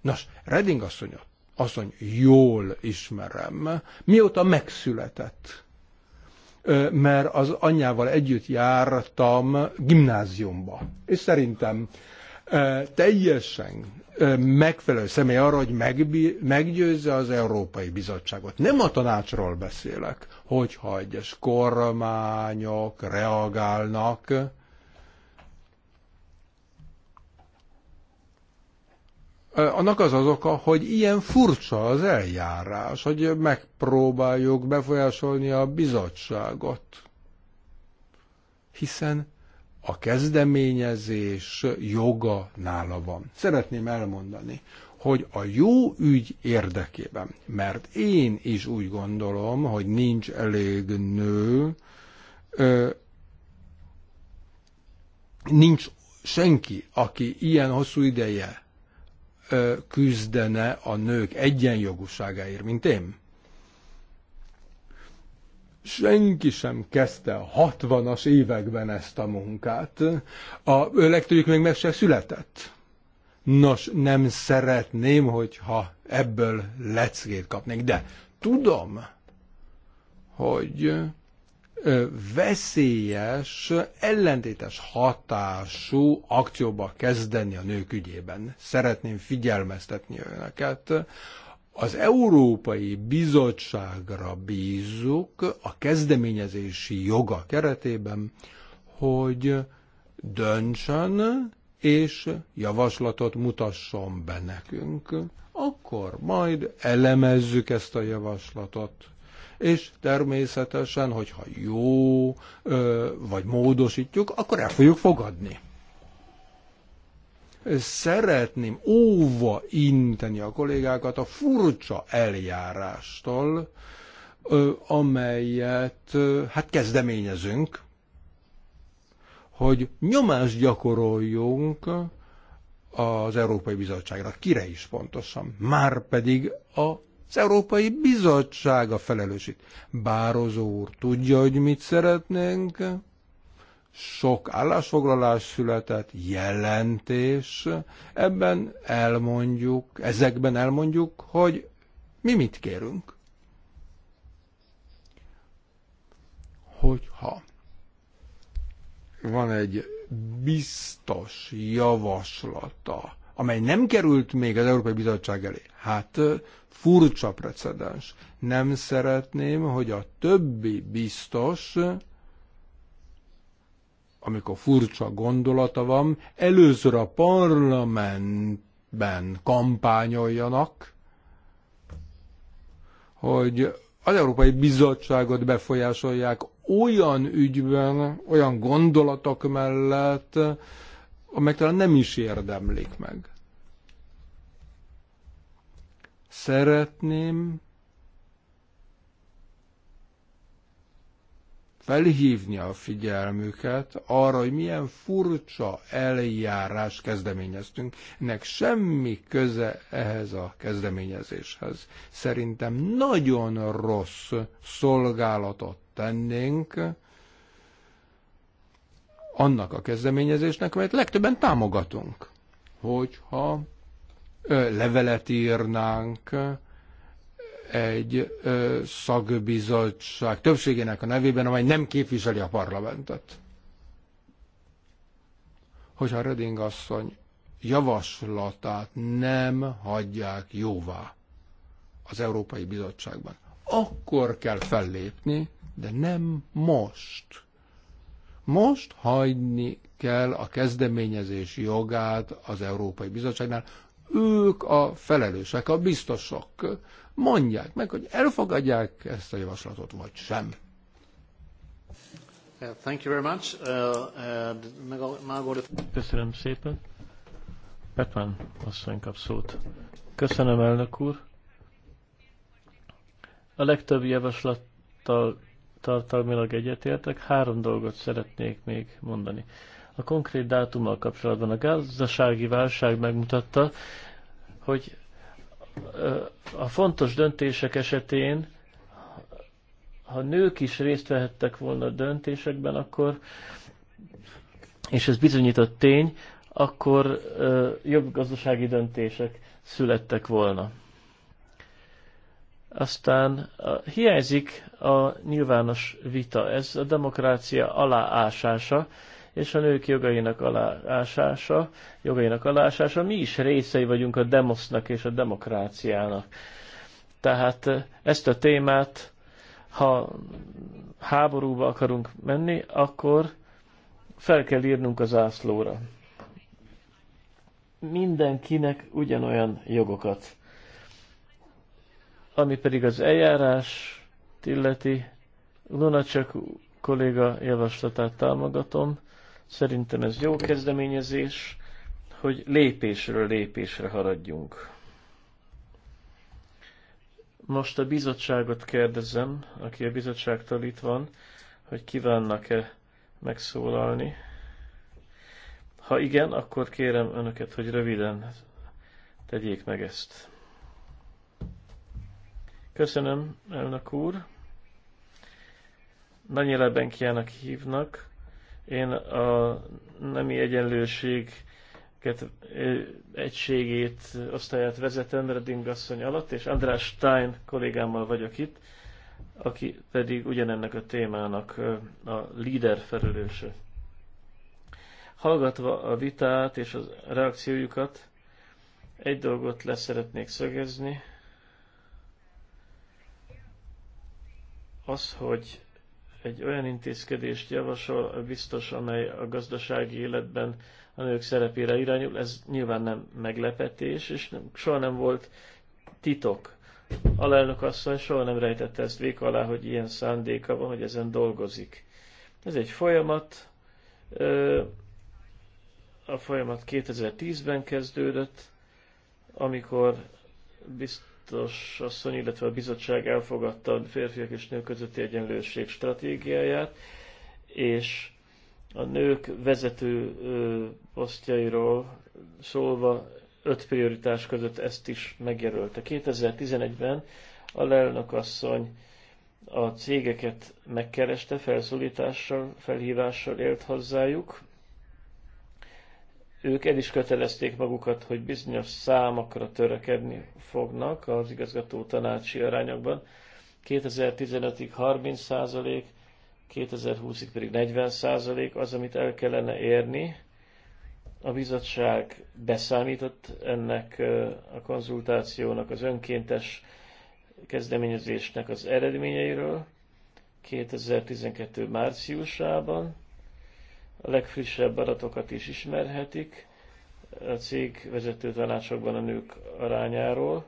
Speaker 1: Nos, Reding asszonyot, asszony jól ismerem, mióta megszületett mert az anyjával együtt jártam gimnáziumba. És szerintem teljesen megfelelő személy arra, hogy meggyőzze az Európai Bizottságot. Nem a tanácsról beszélek, hogyha egyes kormányok reagálnak, annak az az oka, hogy ilyen furcsa az eljárás, hogy megpróbáljuk befolyásolni a bizottságot. Hiszen a kezdeményezés joga nála van. Szeretném elmondani, hogy a jó ügy érdekében, mert én is úgy gondolom, hogy nincs elég nő, nincs senki, aki ilyen hosszú ideje küzdene a nők egyenjogúságáért, mint én. Senki sem kezdte a 60-as években ezt a munkát. A legtöbbjük még meg se született. Nos, nem szeretném, hogyha ebből leckét kapnék, de tudom, hogy veszélyes, ellentétes hatású akcióba kezdeni a nők ügyében. Szeretném figyelmeztetni önöket. Az Európai Bizottságra bízzuk a kezdeményezési joga keretében, hogy döntsön és javaslatot mutasson be nekünk. Akkor majd elemezzük ezt a javaslatot, és természetesen, hogyha jó vagy módosítjuk, akkor el fogjuk fogadni. Szeretném óva inteni a kollégákat a furcsa eljárástól, amelyet hát kezdeményezünk, hogy nyomást gyakoroljunk az Európai Bizottságra, kire is pontosan, már pedig a az Európai Bizottság a felelősít. Bározó úr tudja, hogy mit szeretnénk. Sok állásfoglalás született, jelentés. Ebben elmondjuk, ezekben elmondjuk, hogy mi mit kérünk. Hogyha van egy biztos javaslata amely nem került még az Európai Bizottság elé. Hát furcsa precedens. Nem szeretném, hogy a többi biztos, amikor furcsa gondolata van, először a parlamentben kampányoljanak, hogy az Európai Bizottságot befolyásolják olyan ügyben, olyan gondolatok mellett, amelyek talán nem is érdemlik meg. Szeretném felhívni a figyelmüket arra, hogy milyen furcsa eljárás kezdeményeztünk. Ennek semmi köze ehhez a kezdeményezéshez. Szerintem nagyon rossz szolgálatot tennénk annak a kezdeményezésnek, amelyet legtöbben támogatunk. Hogyha levelet írnánk egy szagbizottság többségének a nevében, amely nem képviseli a parlamentet. Hogyha Reding asszony javaslatát nem hagyják jóvá az Európai Bizottságban, akkor kell fellépni, de nem most most hagyni kell a kezdeményezés jogát az Európai Bizottságnál. Ők a felelősek, a biztosok. Mondják meg, hogy elfogadják ezt a javaslatot, vagy sem.
Speaker 2: Thank you very much. Uh, Köszönöm szépen. Petman asszony kap szót. Köszönöm, elnök úr. A legtöbb javaslattal tartalmilag egyetértek, három dolgot szeretnék még mondani. A konkrét dátummal kapcsolatban a gazdasági válság megmutatta, hogy a fontos döntések esetén, ha nők is részt vehettek volna a döntésekben, akkor, és ez bizonyított tény, akkor jobb gazdasági döntések születtek volna. Aztán a, hiányzik a nyilvános vita, ez a demokrácia aláásása, és a nők jogainak aláásása, jogainak aláásása. Mi is részei vagyunk a demosznak és a demokráciának. Tehát ezt a témát, ha háborúba akarunk menni, akkor fel kell írnunk az ászlóra. Mindenkinek ugyanolyan jogokat. Ami pedig az eljárás illeti, Lunacek kolléga javaslatát támogatom. Szerintem ez jó kezdeményezés, hogy lépésről lépésre haradjunk. Most a bizottságot kérdezem, aki a bizottságtól itt van, hogy kívánnak-e megszólalni. Ha igen, akkor kérem önöket, hogy röviden tegyék meg ezt. Köszönöm, elnök úr. Daniela Benkiának hívnak. Én a nemi egyenlőség egységét, osztályát vezetem Redding asszony alatt, és András Stein kollégámmal vagyok itt, aki pedig ugyanennek a témának a líder felelőse. Hallgatva a vitát és a reakciójukat, egy dolgot leszeretnék szögezni, az, hogy egy olyan intézkedést javasol a biztos, amely a gazdasági életben a nők szerepére irányul, ez nyilván nem meglepetés, és nem, soha nem volt titok. Alelnök asszony soha nem rejtette ezt vék alá, hogy ilyen szándéka van, hogy ezen dolgozik. Ez egy folyamat, a folyamat 2010-ben kezdődött, amikor bizt biztos asszony, illetve a bizottság elfogadta a férfiak és nők közötti egyenlőség stratégiáját, és a nők vezető posztjairól szólva öt prioritás között ezt is megjelölte. 2011-ben a lelnök asszony a cégeket megkereste, felszólítással, felhívással élt hozzájuk, ők el is kötelezték magukat, hogy bizonyos számokra törekedni fognak az igazgató tanácsi arányokban. 2015-ig 30 százalék, 2020-ig pedig 40 százalék az, amit el kellene érni. A bizottság beszámított ennek a konzultációnak, az önkéntes kezdeményezésnek az eredményeiről 2012. márciusában a legfrissebb adatokat is ismerhetik a cég vezető tanácsokban a nők arányáról,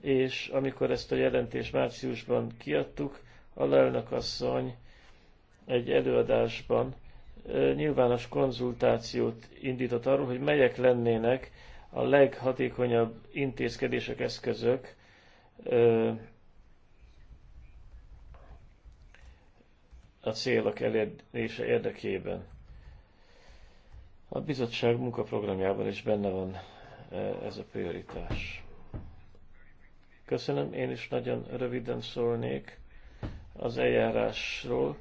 Speaker 2: és amikor ezt a jelentést márciusban kiadtuk, a lelnök asszony egy előadásban nyilvános konzultációt indított arról, hogy melyek lennének a leghatékonyabb intézkedések, eszközök a célok elérése érdekében. A bizottság munkaprogramjában is benne van e, ez a prioritás. Köszönöm, én is nagyon röviden szólnék az eljárásról.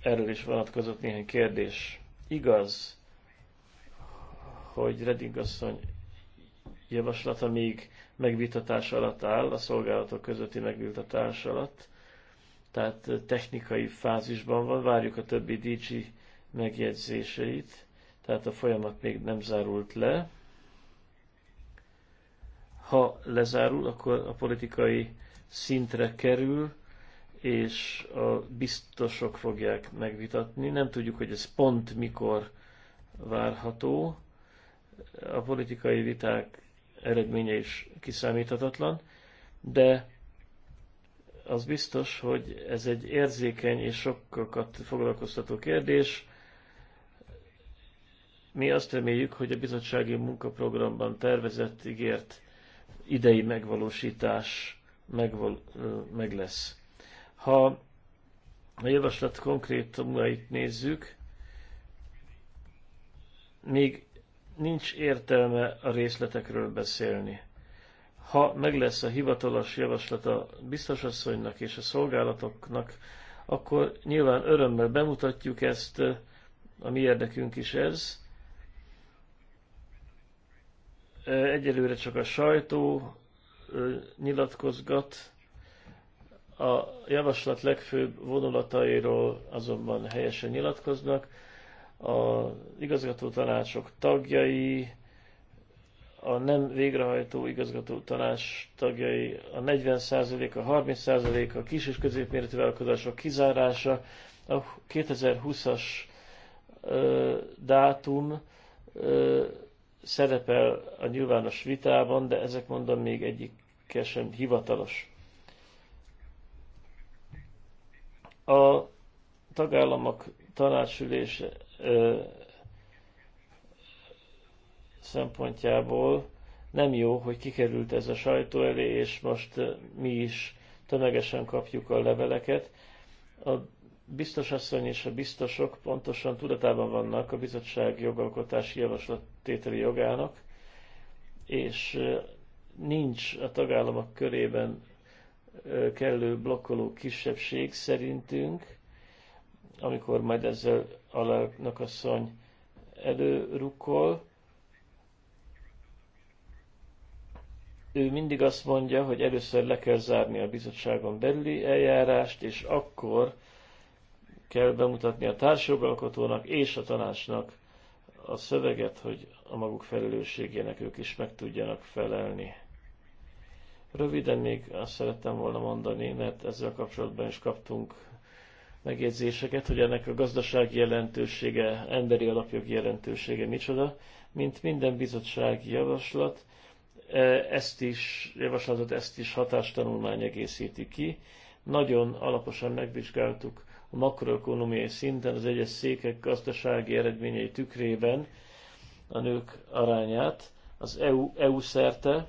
Speaker 2: Erről is vonatkozott néhány kérdés. Igaz, hogy Redding asszony javaslata még megvitatás alatt áll, a szolgálatok közötti megvitatás alatt, tehát technikai fázisban van, várjuk a többi DG megjegyzéseit, tehát a folyamat még nem zárult le. Ha lezárul, akkor a politikai szintre kerül, és a biztosok fogják megvitatni. Nem tudjuk, hogy ez pont mikor várható. A politikai viták eredménye is kiszámíthatatlan, de az biztos, hogy ez egy érzékeny és sokkal foglalkoztató kérdés. Mi azt reméljük, hogy a bizottsági munkaprogramban tervezett ígért idei megvalósítás megval- meg lesz. Ha a javaslat konkrétumait nézzük, még nincs értelme a részletekről beszélni ha meg lesz a hivatalos javaslat a biztosasszonynak és a szolgálatoknak, akkor nyilván örömmel bemutatjuk ezt, a mi érdekünk is ez. Egyelőre csak a sajtó nyilatkozgat, a javaslat legfőbb vonulatairól azonban helyesen nyilatkoznak. A igazgató tanácsok tagjai, a nem végrehajtó igazgató tanács tagjai, a 40%, a 30%, a kis és középméretű vállalkozások kizárása, a 2020-as dátum ö, szerepel a nyilvános vitában, de ezek mondom még egyik sem hivatalos. A tagállamok tanácsülése ö, szempontjából nem jó, hogy kikerült ez a sajtó elé, és most eh, mi is tömegesen kapjuk a leveleket. A biztosasszony és a biztosok pontosan tudatában vannak a bizottság jogalkotási javaslattételi jogának, és eh, nincs a tagállamok körében eh, kellő blokkoló kisebbség szerintünk, amikor majd ezzel a asszony előrukkol, ő mindig azt mondja, hogy először le kell zárni a bizottságon belüli eljárást, és akkor kell bemutatni a társjogalkotónak és a tanácsnak a szöveget, hogy a maguk felelősségének ők is meg tudjanak felelni. Röviden még azt szerettem volna mondani, mert ezzel kapcsolatban is kaptunk megjegyzéseket, hogy ennek a gazdasági jelentősége, emberi alapjogi jelentősége micsoda, mint minden bizottsági javaslat, Eh, ezt is, javaslatot ezt is hatástanulmány egészíti ki. Nagyon alaposan megvizsgáltuk a makroökonomiai szinten az egyes székek gazdasági eredményei tükrében a nők arányát az EU, EU szerte,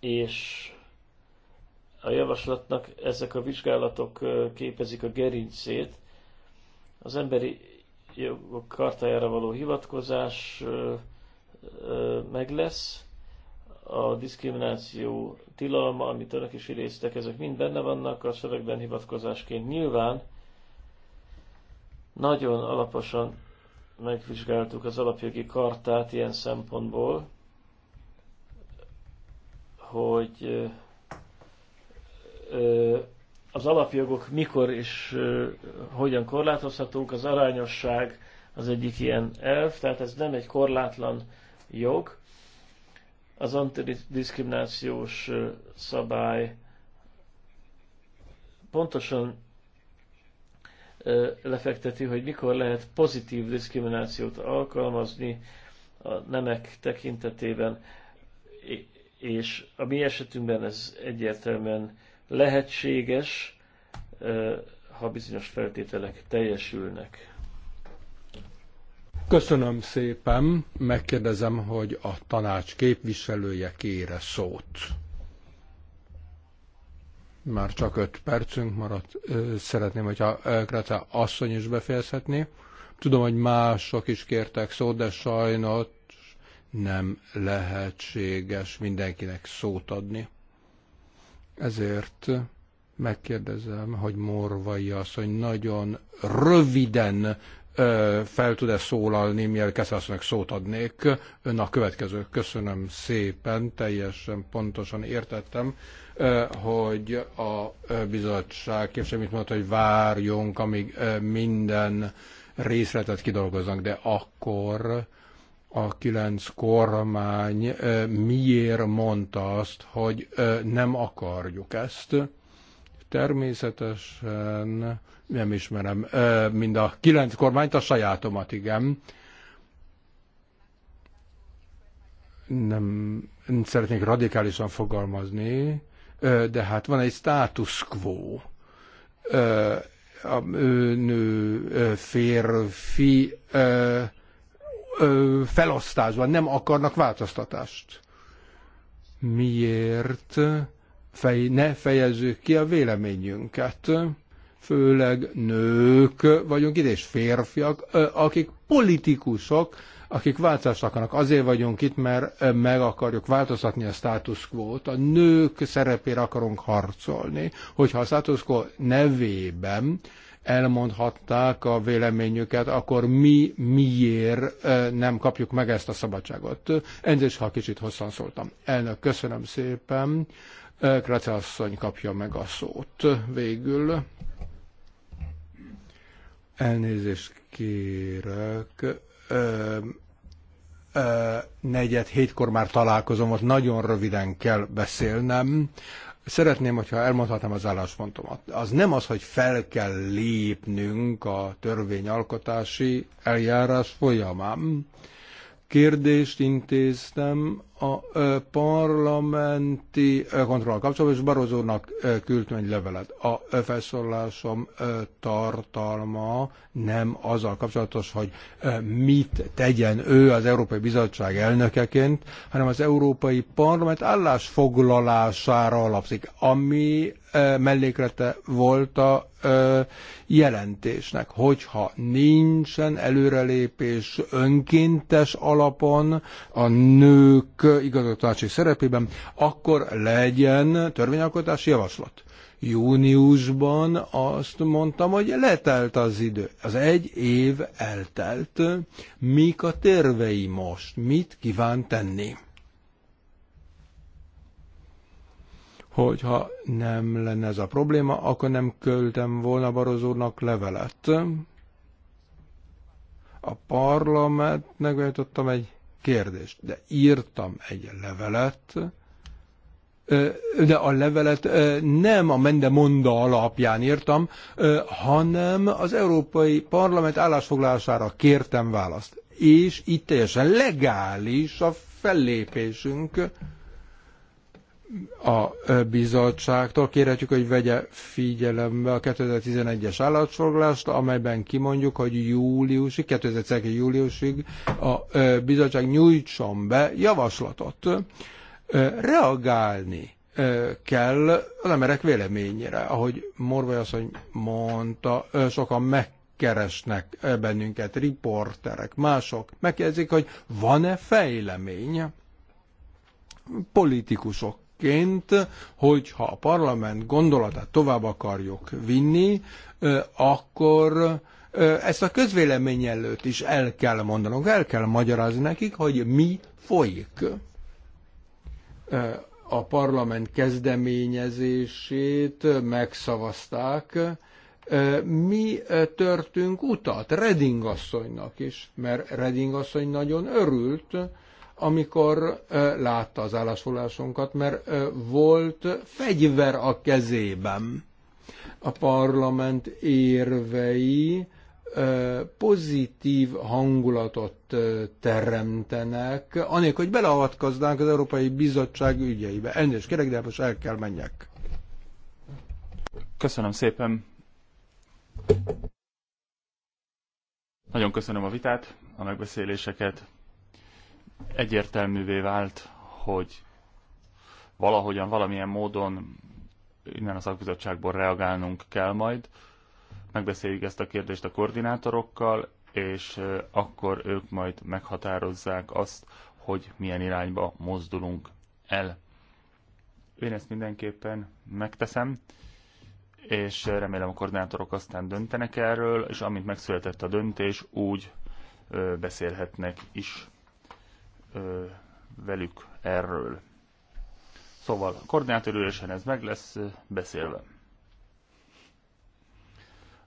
Speaker 2: és a javaslatnak ezek a vizsgálatok eh, képezik a gerincét. Az emberi jogok kartájára való hivatkozás, eh, meg lesz, a diszkrimináció tilalma, amit önök is idéztek, ezek mind benne vannak a szövegben hivatkozásként. Nyilván nagyon alaposan megvizsgáltuk az alapjogi kartát ilyen szempontból, hogy az alapjogok mikor és hogyan korlátozhatók, az arányosság az egyik ilyen elv, tehát ez nem egy korlátlan jog. Az antidiskriminációs szabály pontosan lefekteti, hogy mikor lehet pozitív diszkriminációt alkalmazni a nemek tekintetében, és a mi esetünkben ez egyértelműen lehetséges, ha bizonyos feltételek teljesülnek.
Speaker 1: Köszönöm szépen, megkérdezem, hogy a tanács képviselője kére szót. Már csak öt percünk maradt. Szeretném, hogyha Kreta asszony is befejezhetné. Tudom, hogy mások is kértek szót, de sajnos nem lehetséges mindenkinek szót adni. Ezért megkérdezem, hogy Morvai asszony nagyon röviden fel tud-e szólalni, mielőtt Keszelsznek szót adnék. Ön a következő. Köszönöm szépen, teljesen pontosan értettem, hogy a bizottság képviselő mit mondta, hogy várjunk, amíg minden részletet kidolgoznak, de akkor a kilenc kormány miért mondta azt, hogy nem akarjuk ezt. Természetesen nem ismerem mind a kilenc kormányt, a sajátomat, igen. Nem, nem szeretnék radikálisan fogalmazni, de hát van egy status quo. A nő, férfi felosztásban nem akarnak változtatást. Miért fej, ne fejezzük ki a véleményünket? főleg nők vagyunk itt, és férfiak, akik politikusok, akik változást akarnak. Azért vagyunk itt, mert meg akarjuk változtatni a status quo-t, a nők szerepére akarunk harcolni, hogyha a status quo nevében elmondhatták a véleményüket, akkor mi miért nem kapjuk meg ezt a szabadságot. Enzés, ha kicsit hosszan szóltam. Elnök, köszönöm szépen. Krece asszony kapja meg a szót végül. Elnézést kérek. Ö, ö, negyed, hétkor már találkozom, most nagyon röviden kell beszélnem. Szeretném, hogyha elmondhatnám az álláspontomat. Az nem az, hogy fel kell lépnünk a törvényalkotási eljárás folyamán. Kérdést intéztem a parlamenti kontroll kapcsolatban, és Barozónak küldtem egy levelet. A felszólásom tartalma nem azzal kapcsolatos, hogy mit tegyen ő az Európai Bizottság elnökeként, hanem az Európai Parlament állásfoglalására alapszik, ami melléklete volt a jelentésnek, hogyha nincsen előrelépés önkéntes alapon a nők igazgatási szerepében, akkor legyen törvényalkotási javaslat. Júniusban azt mondtam, hogy letelt az idő. Az egy év eltelt. Mik a tervei most? Mit kíván tenni? hogyha nem lenne ez a probléma, akkor nem költem volna Barozónak levelet. A parlamentnek ajtottam egy kérdést, de írtam egy levelet, de a levelet nem a Mendemonda alapján írtam, hanem az Európai Parlament állásfoglalására kértem választ. És itt teljesen legális a fellépésünk, a bizottságtól kérhetjük, hogy vegye figyelembe a 2011-es állatsorglást, amelyben kimondjuk, hogy júliusig, 2012. júliusig a bizottság nyújtson be javaslatot. Reagálni kell az emberek véleményére. Ahogy Morvai asszony mondta, sokan megkeresnek bennünket, riporterek, mások. Megkérdezik, hogy van-e fejlemény? Politikusok egyébként, hogyha a parlament gondolatát tovább akarjuk vinni, akkor ezt a közvélemény előtt is el kell mondanunk, el kell magyarázni nekik, hogy mi folyik. A parlament kezdeményezését megszavazták, mi törtünk utat Reding asszonynak is, mert Reding asszony nagyon örült, amikor látta az állásfoglalásunkat, mert volt fegyver a kezében. A parlament érvei pozitív hangulatot teremtenek, anélkül, hogy beleavatkoznánk az Európai Bizottság ügyeibe. Elnézést kérek, de hát most el kell menjek.
Speaker 3: Köszönöm szépen. Nagyon köszönöm a vitát, a megbeszéléseket egyértelművé vált, hogy valahogyan, valamilyen módon innen a szakbizottságból reagálnunk kell majd. Megbeszéljük ezt a kérdést a koordinátorokkal, és akkor ők majd meghatározzák azt, hogy milyen irányba mozdulunk el. Én ezt mindenképpen megteszem, és remélem a koordinátorok aztán döntenek erről, és amint megszületett a döntés, úgy beszélhetnek is ö, velük erről. Szóval a ülésen ez meg lesz beszélve.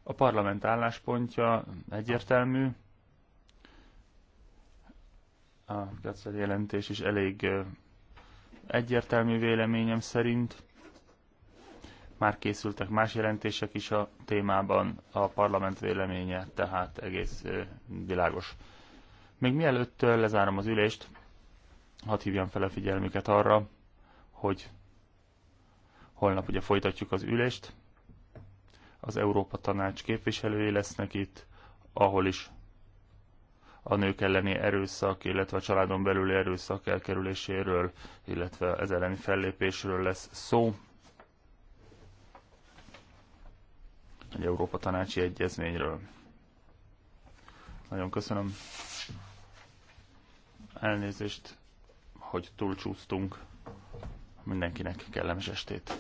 Speaker 3: A parlament álláspontja egyértelmű, a Gatzer jelentés is elég egyértelmű véleményem szerint. Már készültek más jelentések is a témában, a parlament véleménye tehát egész világos. Még mielőtt lezárom az ülést, hadd hívjam fel a figyelmüket arra, hogy holnap ugye folytatjuk az ülést. Az Európa Tanács képviselői lesznek itt, ahol is a nők elleni erőszak, illetve a családon belüli erőszak elkerüléséről, illetve az elleni fellépésről lesz szó. Egy Európa Tanácsi Egyezményről. Nagyon köszönöm. Elnézést, hogy túlcsúsztunk. Mindenkinek kellemes estét.